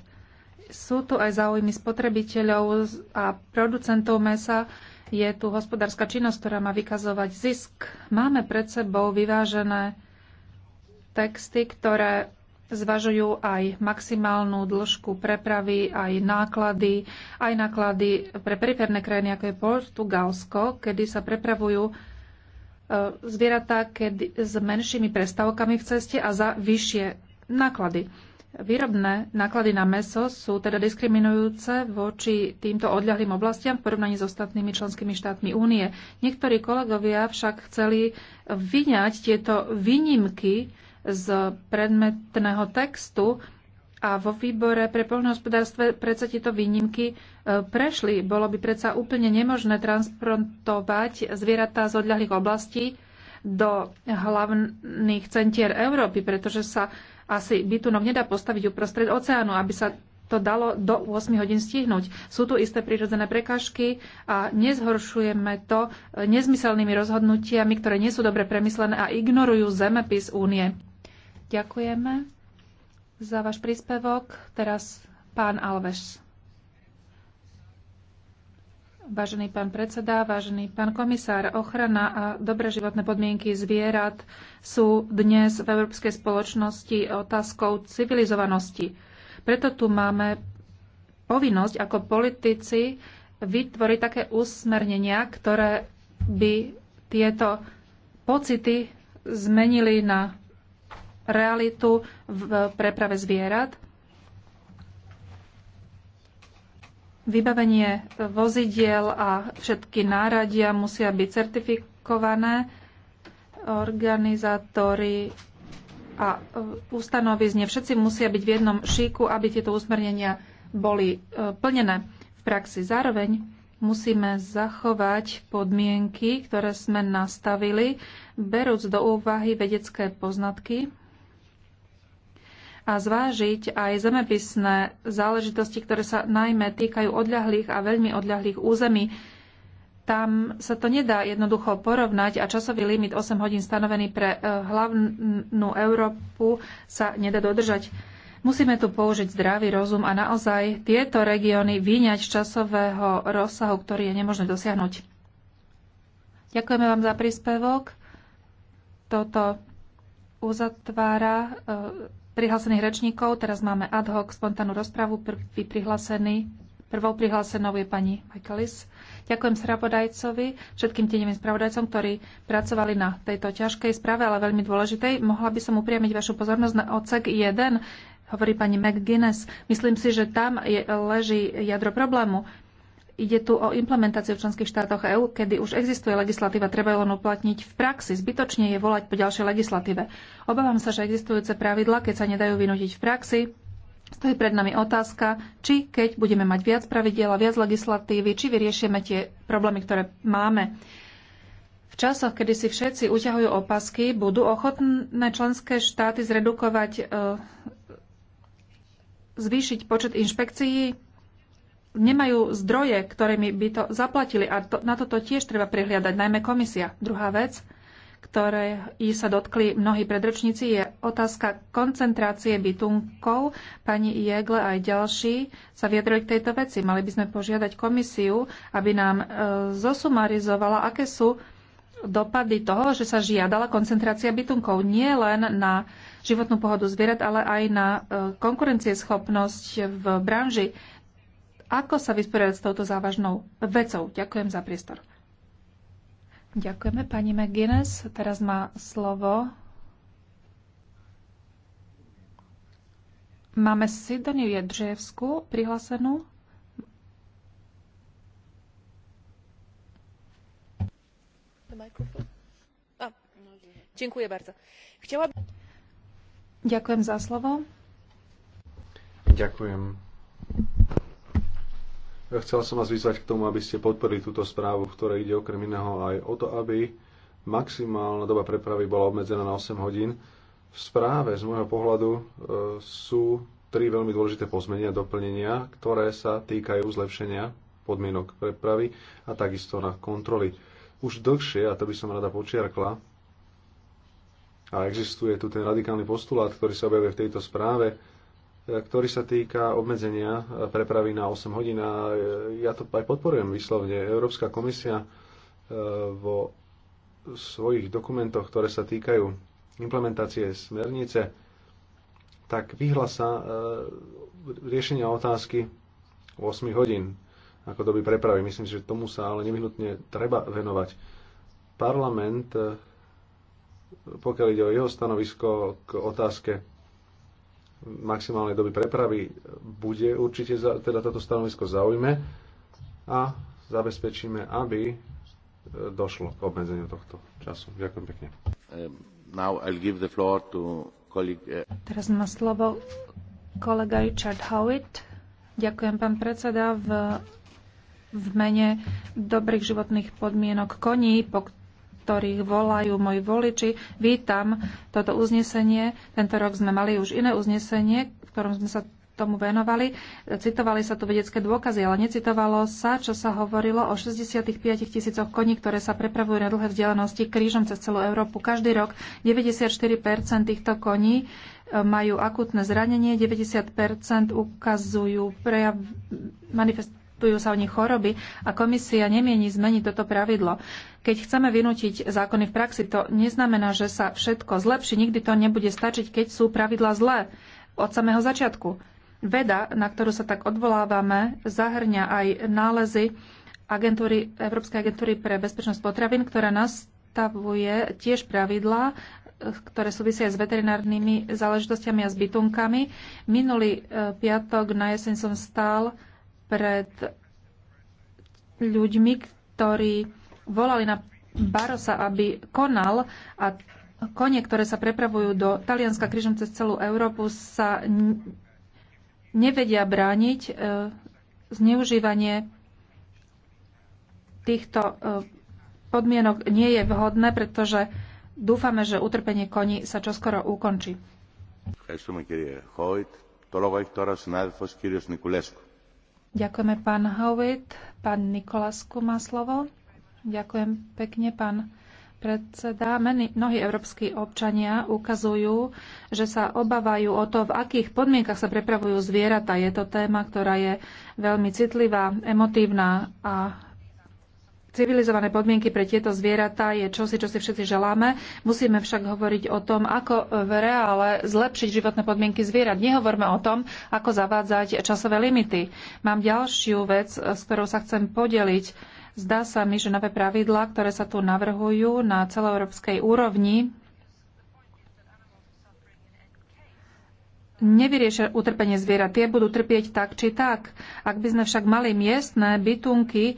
Sú tu aj záujmy spotrebiteľov a producentov mesa. Je tu hospodárska činnosť, ktorá má vykazovať zisk. Máme pred sebou vyvážené texty, ktoré zvažujú aj maximálnu dĺžku prepravy, aj náklady, aj náklady pre periférne krajiny, ako je Portugalsko, kedy sa prepravujú E, zvieratá kedy, s menšími prestávkami v ceste a za vyššie náklady. Výrobné náklady na meso sú teda diskriminujúce voči týmto odľahlým oblastiam v porovnaní s ostatnými členskými štátmi únie. Niektorí kolegovia však chceli vyňať tieto výnimky z predmetného textu, a vo výbore pre poľnohospodárstve predsa tieto výnimky e, prešli. Bolo by predsa úplne nemožné transportovať zvieratá z odľahlých oblastí do hlavných centier Európy, pretože sa asi bytunok nedá postaviť uprostred oceánu, aby sa to dalo do 8 hodín stihnúť. Sú tu isté prírodzené prekažky a nezhoršujeme to e, nezmyselnými rozhodnutiami, ktoré nie sú dobre premyslené a ignorujú zemepis únie. Ďakujeme za váš príspevok. Teraz pán Alves. Vážený pán predseda, vážený pán komisár, ochrana a dobré životné podmienky zvierat sú dnes v európskej spoločnosti otázkou civilizovanosti. Preto tu máme povinnosť ako politici vytvoriť také usmernenia, ktoré by tieto pocity zmenili na realitu v preprave zvierat. Vybavenie vozidiel a všetky náradia musia byť certifikované. Organizátori a e, ustanovizne všetci musia byť v jednom šíku, aby tieto usmernenia boli e, plnené v praxi. Zároveň musíme zachovať podmienky, ktoré sme nastavili, berúc do úvahy vedecké poznatky a zvážiť aj zemepisné záležitosti, ktoré sa najmä týkajú odľahlých a veľmi odľahlých území. Tam sa to nedá jednoducho porovnať a časový limit 8 hodín stanovený pre e, hlavnú Európu sa nedá dodržať. Musíme tu použiť zdravý rozum a naozaj tieto regióny vyňať z časového rozsahu, ktorý je nemožné dosiahnuť. Ďakujeme vám za príspevok. Toto uzatvára e, prihlásených rečníkov. Teraz máme ad hoc spontánnu rozpravu. Prvý prihlásený, prvou prihlásenou je pani Michaelis. Ďakujem spravodajcovi, všetkým tenevým spravodajcom, ktorí pracovali na tejto ťažkej správe, ale veľmi dôležitej. Mohla by som upriamiť vašu pozornosť na odsek 1, hovorí pani McGuinness. Myslím si, že tam je, leží jadro problému Ide tu o implementáciu v členských štátoch EÚ, kedy už existuje legislatíva, treba ju len uplatniť v praxi. Zbytočne je volať po ďalšej legislatíve. Obávam sa, že existujúce pravidla, keď sa nedajú vynútiť v praxi, stojí pred nami otázka, či keď budeme mať viac pravidiel a viac legislatívy, či vyriešime tie problémy, ktoré máme. V časoch, kedy si všetci uťahujú opasky, budú ochotné členské štáty zredukovať, e, zvýšiť počet inšpekcií nemajú zdroje, ktorými by to zaplatili. A to, na toto tiež treba prihliadať, najmä komisia. Druhá vec, ktoré sa dotkli mnohí predrečníci, je otázka koncentrácie bytunkov. Pani Jegle aj ďalší sa vyjadrili k tejto veci. Mali by sme požiadať komisiu, aby nám e, zosumarizovala, aké sú dopady toho, že sa žiadala koncentrácia bytunkov nie len na životnú pohodu zvierat, ale aj na e, konkurencieschopnosť v branži ako sa vysporiadať s touto závažnou vecou. Ďakujem za priestor. Ďakujeme pani McGuinness. Teraz má slovo. Máme Sidoniu Jedřievsku prihlásenú. Ďakujem za slovo. Ďakujem chcel som vás vyzvať k tomu, aby ste podporili túto správu, v ktorej ide okrem iného aj o to, aby maximálna doba prepravy bola obmedzená na 8 hodín. V správe z môjho pohľadu e, sú tri veľmi dôležité pozmenia, doplnenia, ktoré sa týkajú zlepšenia podmienok prepravy a takisto na kontroly. Už dlhšie, a to by som rada počiarkla, a existuje tu ten radikálny postulát, ktorý sa objavuje v tejto správe, E, ktorý sa týka obmedzenia e, prepravy na 8 hodín. A e, ja to aj podporujem vyslovne. Európska komisia vo svojich dokumentoch, ktoré sa týkajú implementácie smernice, tak vyhlasa riešenia otázky 8 hodín ako doby prepravy. Myslím si, že tomu sa ale nevyhnutne treba venovať. Parlament, pokiaľ ide o jeho stanovisko k otázke maximálnej doby prepravy bude určite za, teda toto stanovisko zaujme a zabezpečíme, aby e, došlo k obmedzeniu tohto času. Ďakujem pekne. Um, now I'll give the floor to colleague... Uh, Teraz má slovo kolega Richard Howitt. Ďakujem, pán predseda. V, v mene dobrých životných podmienok koní, po, ktorých volajú moji voliči. Vítam toto uznesenie. Tento rok sme mali už iné uznesenie, v ktorom sme sa tomu venovali. Citovali sa tu vedecké dôkazy, ale necitovalo sa, čo sa hovorilo o 65 tisícoch koní, ktoré sa prepravujú na dlhé vzdialenosti krížom cez celú Európu. Každý rok 94 týchto koní e, majú akutné zranenie, 90 ukazujú prejav manifest vyskytujú sa o nich choroby a komisia nemieni zmeniť toto pravidlo. Keď chceme vynútiť zákony v praxi, to neznamená, že sa všetko zlepší. Nikdy to nebude stačiť, keď sú pravidla zlé od samého začiatku. Veda, na ktorú sa tak odvolávame, zahrňa aj nálezy agentúry, Európskej agentúry pre bezpečnosť potravín, ktorá nastavuje tiež pravidlá, ktoré súvisia s veterinárnymi záležitostiami a s bytunkami. Minulý eh, piatok na jeseň som stál pred ľuďmi, ktorí volali na Barosa, aby konal a konie, ktoré sa prepravujú do Talianska križom cez celú Európu, sa nevedia brániť e, zneužívanie týchto e, podmienok nie je vhodné, pretože dúfame, že utrpenie koní sa čoskoro ukončí. Ευχαριστούμε kýrie Hojt. Το λόγο έχει τώρα ο συνάδελφος Ďakujeme pán Howitt. Pán Nikolasku má slovo. Ďakujem pekne, pán predseda. Mnohí európsky občania ukazujú, že sa obávajú o to, v akých podmienkach sa prepravujú zvieratá. Je to téma, ktorá je veľmi citlivá, emotívna a civilizované podmienky pre tieto zvieratá je čosi, čo si všetci želáme. Musíme však hovoriť o tom, ako v reále zlepšiť životné podmienky zvierat. Nehovorme o tom, ako zavádzať časové limity. Mám ďalšiu vec, s ktorou sa chcem podeliť. Zdá sa mi, že nové pravidlá, ktoré sa tu navrhujú na celoeurópskej úrovni, nevyriešia utrpenie zvierat. Tie budú trpieť tak či tak. Ak by sme však mali miestne bytunky,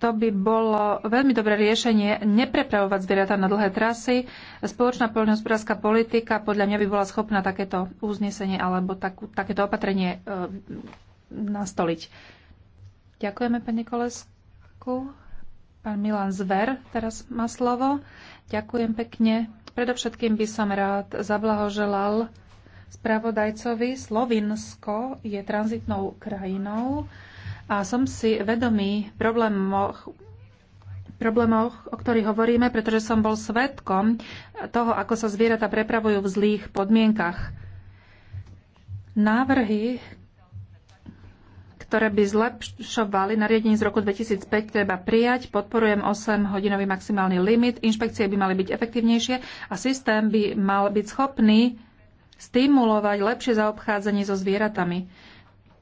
to by bolo veľmi dobré riešenie neprepravovať zvieratá na dlhé trasy. Spoločná poľnohospodárska politika podľa mňa by bola schopná takéto uznesenie alebo takú, takéto opatrenie e, nastoliť. Ďakujeme, pani Kolesku. Pán Milan Zver teraz má slovo. Ďakujem pekne. Predovšetkým by som rád zablahoželal spravodajcovi. Slovinsko je tranzitnou krajinou a som si vedomý problémoch, problémoch, o ktorých hovoríme, pretože som bol svetkom toho, ako sa zvieratá prepravujú v zlých podmienkach. Návrhy, ktoré by zlepšovali nariadenie z roku 2005, treba prijať. Podporujem 8-hodinový maximálny limit. Inšpekcie by mali byť efektívnejšie a systém by mal byť schopný stimulovať lepšie zaobchádzanie so zvieratami.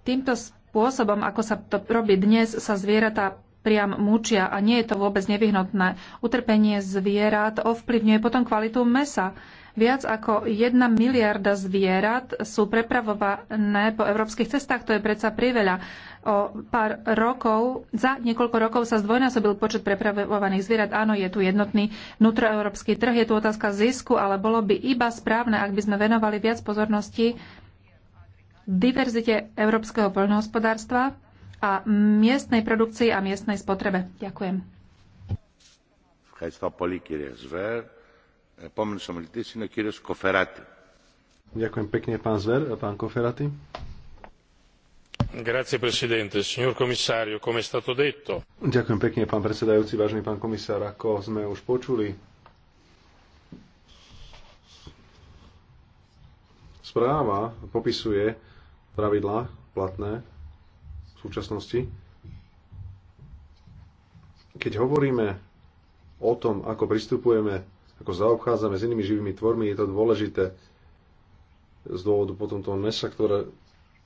Týmto spôsobom, ako sa to robí dnes, sa zvieratá priam mučia a nie je to vôbec nevyhnutné. Utrpenie zvierat ovplyvňuje potom kvalitu mesa. Viac ako jedna miliarda zvierat sú prepravované po európskych cestách, to je predsa priveľa. O pár rokov, za niekoľko rokov sa zdvojnásobil počet prepravovaných zvierat. Áno, je tu jednotný vnútroeurópsky trh, je tu otázka zisku, ale bolo by iba správne, ak by sme venovali viac pozornosti diverzite európskeho poľnohospodárstva a miestnej produkcii a miestnej spotrebe. Ďakujem. Ďakujem pekne, pán Zver. Pán Koferati. Grazie, Ďakujem pekne, pán predsedajúci, vážený pán komisár. Ako sme už počuli, správa popisuje pravidlá platné v súčasnosti. Keď hovoríme o tom, ako pristupujeme, ako zaobchádzame s inými živými tvormi, je to dôležité z dôvodu potom toho mesa, ktoré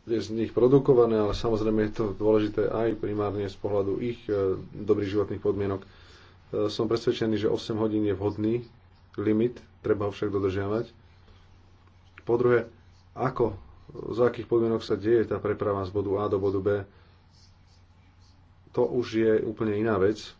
je z nich produkované, ale samozrejme je to dôležité aj primárne z pohľadu ich e, dobrých životných podmienok. E, som presvedčený, že 8 hodín je vhodný limit, treba ho však dodržiavať. Po druhé, ako za akých podmienok sa deje tá preprava z bodu A do bodu B, to už je úplne iná vec. E,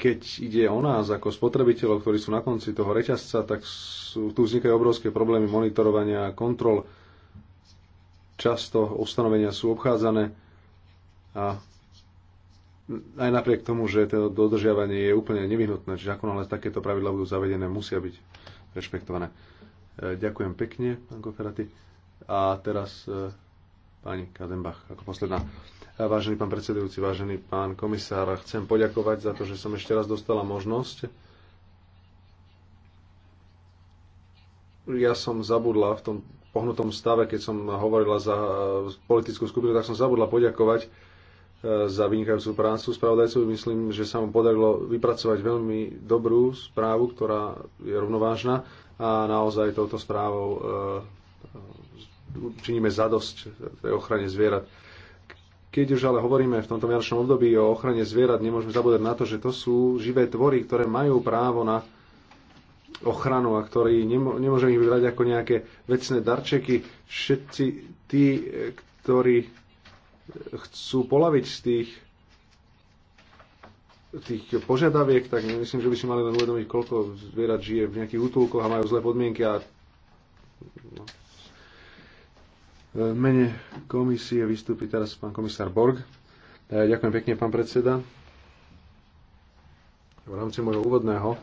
keď ide o nás ako spotrebiteľov, ktorí sú na konci toho reťazca, tak sú, tu vznikajú obrovské problémy monitorovania a kontrol. Často ustanovenia sú obchádzané a aj napriek tomu, že to dodržiavanie je úplne nevyhnutné, čiže ako náhle takéto pravidla budú zavedené, musia byť rešpektované. E, ďakujem pekne, pán Koferaty. A teraz e, pani Kadenbach, ako posledná. E, vážený pán predsedujúci, vážený pán komisár, chcem poďakovať za to, že som ešte raz dostala možnosť. Ja som zabudla v tom pohnutom stave, keď som hovorila za politickú skupinu, tak som zabudla poďakovať E, za vynikajúcu prácu spravodajcu. Myslím, že sa mu podarilo vypracovať veľmi dobrú správu, ktorá je rovnovážna a naozaj touto správou e, činíme zadosť tej ochrane zvierat. Keď už ale hovoríme v tomto vianočnom období o ochrane zvierat, nemôžeme zabúdať na to, že to sú živé tvory, ktoré majú právo na ochranu a ktorí nemôžeme ich vybrať ako nejaké vecné darčeky. Všetci tí, ktorí chcú polaviť z tých, tých požiadaviek, tak myslím, že by si mali len uvedomiť, koľko zvierat žije v nejakých útulkoch a majú zlé podmienky a no. V mene komisie vystúpi teraz pán komisár Borg. E, ďakujem pekne, pán predseda. V rámci môjho úvodného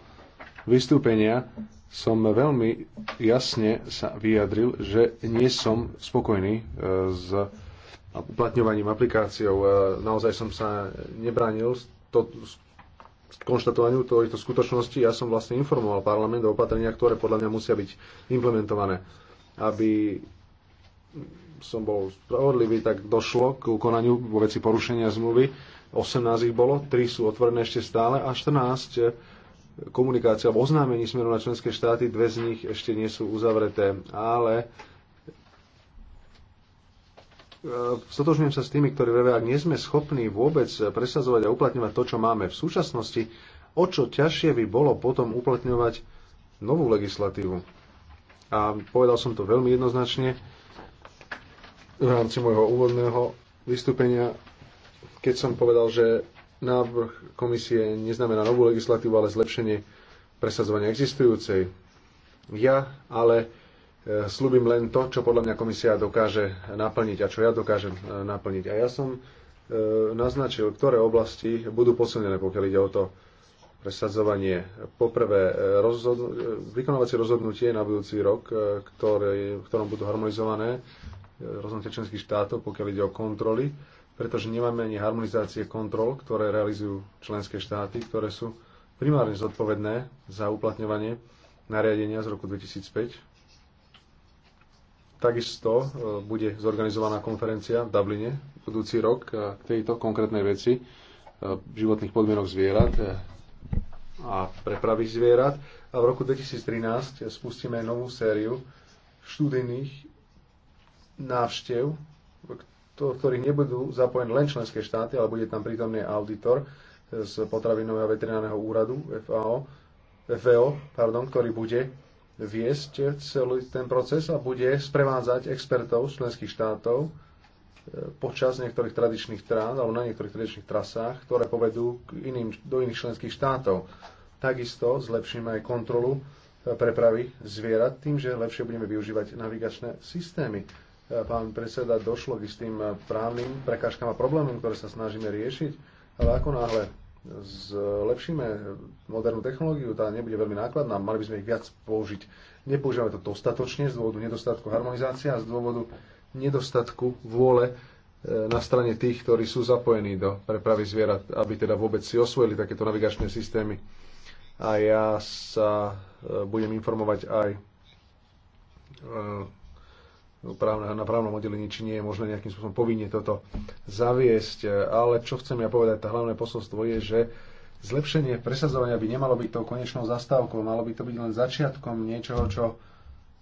vystúpenia som veľmi jasne sa vyjadril, že nie som spokojný e, s a uplatňovaním aplikáciou. E, naozaj som sa nebránil to, konštatovaniu tejto skutočnosti. Ja som vlastne informoval parlament o opatreniach, ktoré podľa mňa musia byť implementované. Aby som bol spravodlivý, tak došlo k ukonaniu vo veci porušenia zmluvy. 18 ich bolo, 3 sú otvorené ešte stále a 14 e, komunikácia v oznámení smerom na členské štáty, dve z nich ešte nie sú uzavreté, ale E, stotožňujem sa s tými, ktorí vravia, ak nie sme schopní vôbec presadzovať a uplatňovať to, čo máme v súčasnosti, o čo ťažšie by bolo potom uplatňovať novú legislatívu. A povedal som to veľmi jednoznačne v rámci môjho úvodného vystúpenia, keď som povedal, že návrh komisie neznamená novú legislatívu, ale zlepšenie presadzovania existujúcej. Ja ale E, slúbim len to, čo podľa mňa komisia dokáže naplniť a čo ja dokážem e, naplniť. A ja som e, naznačil, ktoré oblasti budú posilnené, pokiaľ ide o to presadzovanie. Poprvé, rozhod- vykonávacie rozhodnutie na budúci rok, ktoré, v ktorom budú harmonizované rozhodnutie členských štátov, pokiaľ ide o kontroly, pretože nemáme ani harmonizácie kontrol, ktoré realizujú členské štáty, ktoré sú primárne zodpovedné za uplatňovanie nariadenia z roku 2005 Takisto e, bude zorganizovaná konferencia v Dubline budúci rok e, k tejto konkrétnej veci e, životných podmienok zvierat a prepravy zvierat. A v roku 2013 spustíme novú sériu študijných návštev, v ktorých nebudú zapojené len členské štáty, ale bude tam prítomný auditor z potravinového veterinárneho úradu FAO, FAO pardon, ktorý bude viesť celý ten proces a bude sprevádzať expertov členských štátov e, počas niektorých tradičných trás alebo na niektorých tradičných trasách, ktoré povedú k iným, do iných členských štátov. Takisto zlepšíme aj kontrolu e, prepravy zvierat tým, že lepšie budeme využívať navigačné systémy. E, pán predseda, došlo k istým právnym prekážkam a problémom, ktoré sa snažíme riešiť, ale ako náhle zlepšíme modernú technológiu, tá nebude veľmi nákladná, mali by sme ich viac použiť. Nepoužívame to dostatočne z dôvodu nedostatku harmonizácie a z dôvodu nedostatku vôle e, na strane tých, ktorí sú zapojení do prepravy zvierat, aby teda vôbec si osvojili takéto navigačné systémy. A ja sa e, budem informovať aj e, No, na právnom oddelení, či nie je možné nejakým spôsobom povinne toto zaviesť. Ale čo chcem ja povedať, tá hlavné posolstvo je, že zlepšenie presadzovania by nemalo byť tou konečnou zastávkou, malo by to byť len začiatkom niečoho, čo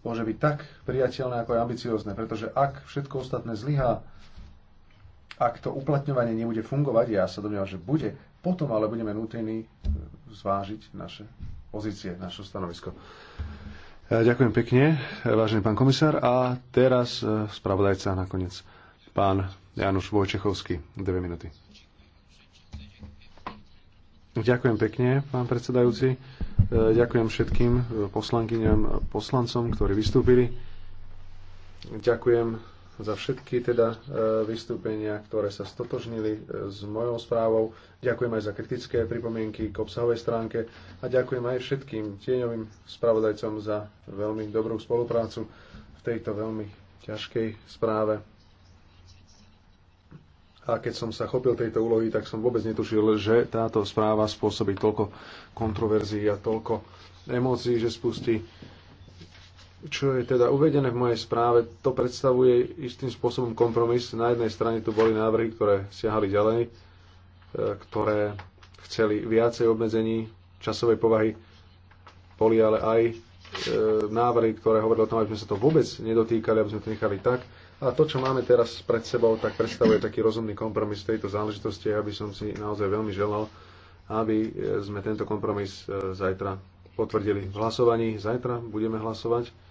môže byť tak priateľné, ako je ambiciozne. Pretože ak všetko ostatné zlyhá, ak to uplatňovanie nebude fungovať, ja sa domnievam, že bude, potom ale budeme nutení zvážiť naše pozície, naše stanovisko. E, ďakujem pekne, vážený pán komisár. A teraz e, spravodajca nakoniec, pán Januš Vojčechovský, dve minúty. Ďakujem pekne, pán predsedajúci. E, ďakujem všetkým poslankyňam a poslancom, ktorí vystúpili. Ďakujem za všetky teda e, vystúpenia, ktoré sa stotožnili e, s mojou správou. Ďakujem aj za kritické pripomienky k obsahovej stránke a ďakujem aj všetkým tieňovým spravodajcom za veľmi dobrú spoluprácu v tejto veľmi ťažkej správe. A keď som sa chopil tejto úlohy, tak som vôbec netušil, že táto správa spôsobí toľko kontroverzií a toľko emócií, že spustí čo je teda uvedené v mojej správe, to predstavuje istým spôsobom kompromis. Na jednej strane tu boli návrhy, ktoré siahali ďalej, e, ktoré chceli viacej obmedzení časovej povahy, boli ale aj e, návrhy, ktoré hovorili o tom, aby sme sa to vôbec nedotýkali, aby sme to nechali tak. A to, čo máme teraz pred sebou, tak predstavuje taký rozumný kompromis tejto záležitosti, aby som si naozaj veľmi želal, aby e, sme tento kompromis zajtra potvrdili v hlasovaní. Zajtra budeme hlasovať.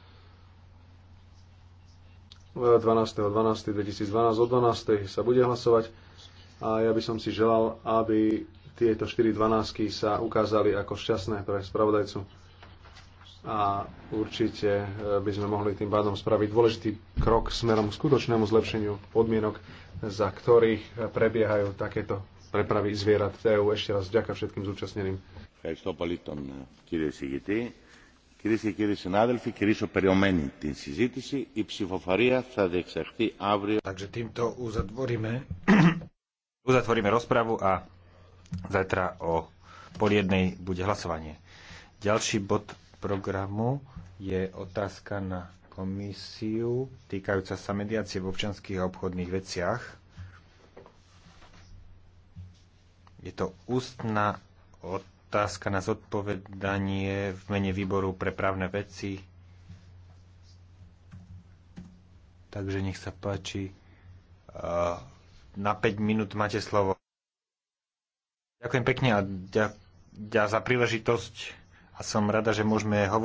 12.12.2012 o 12. sa bude hlasovať a ja by som si želal, aby tieto 4 dvanáctky sa ukázali ako šťastné pre spravodajcu a určite e, by sme mohli tým pádom spraviť dôležitý krok smerom k skutočnému zlepšeniu podmienok, za ktorých prebiehajú takéto prepravy zvierat v EU. Ešte raz ďakujem všetkým zúčastneným. Κυρίε και κύριοι συνάδελφοι, κυρίω περιωμένη την συζήτηση. Η ψηφοφορία θα διεξαχθεί αύριο. Takže týmto uzatvoríme, uzatvoríme rozpravu a zajtra o pol jednej bude hlasovanie. Ďalší bod programu je otázka na komisiu týkajúca sa mediácie v občanských a obchodných veciach. Je to ústna otázka otázka na zodpovedanie v mene výboru pre právne veci. Takže nech sa páči. Na 5 minút máte slovo. Ďakujem pekne a ďakujem za príležitosť a som rada, že môžeme hovoriť.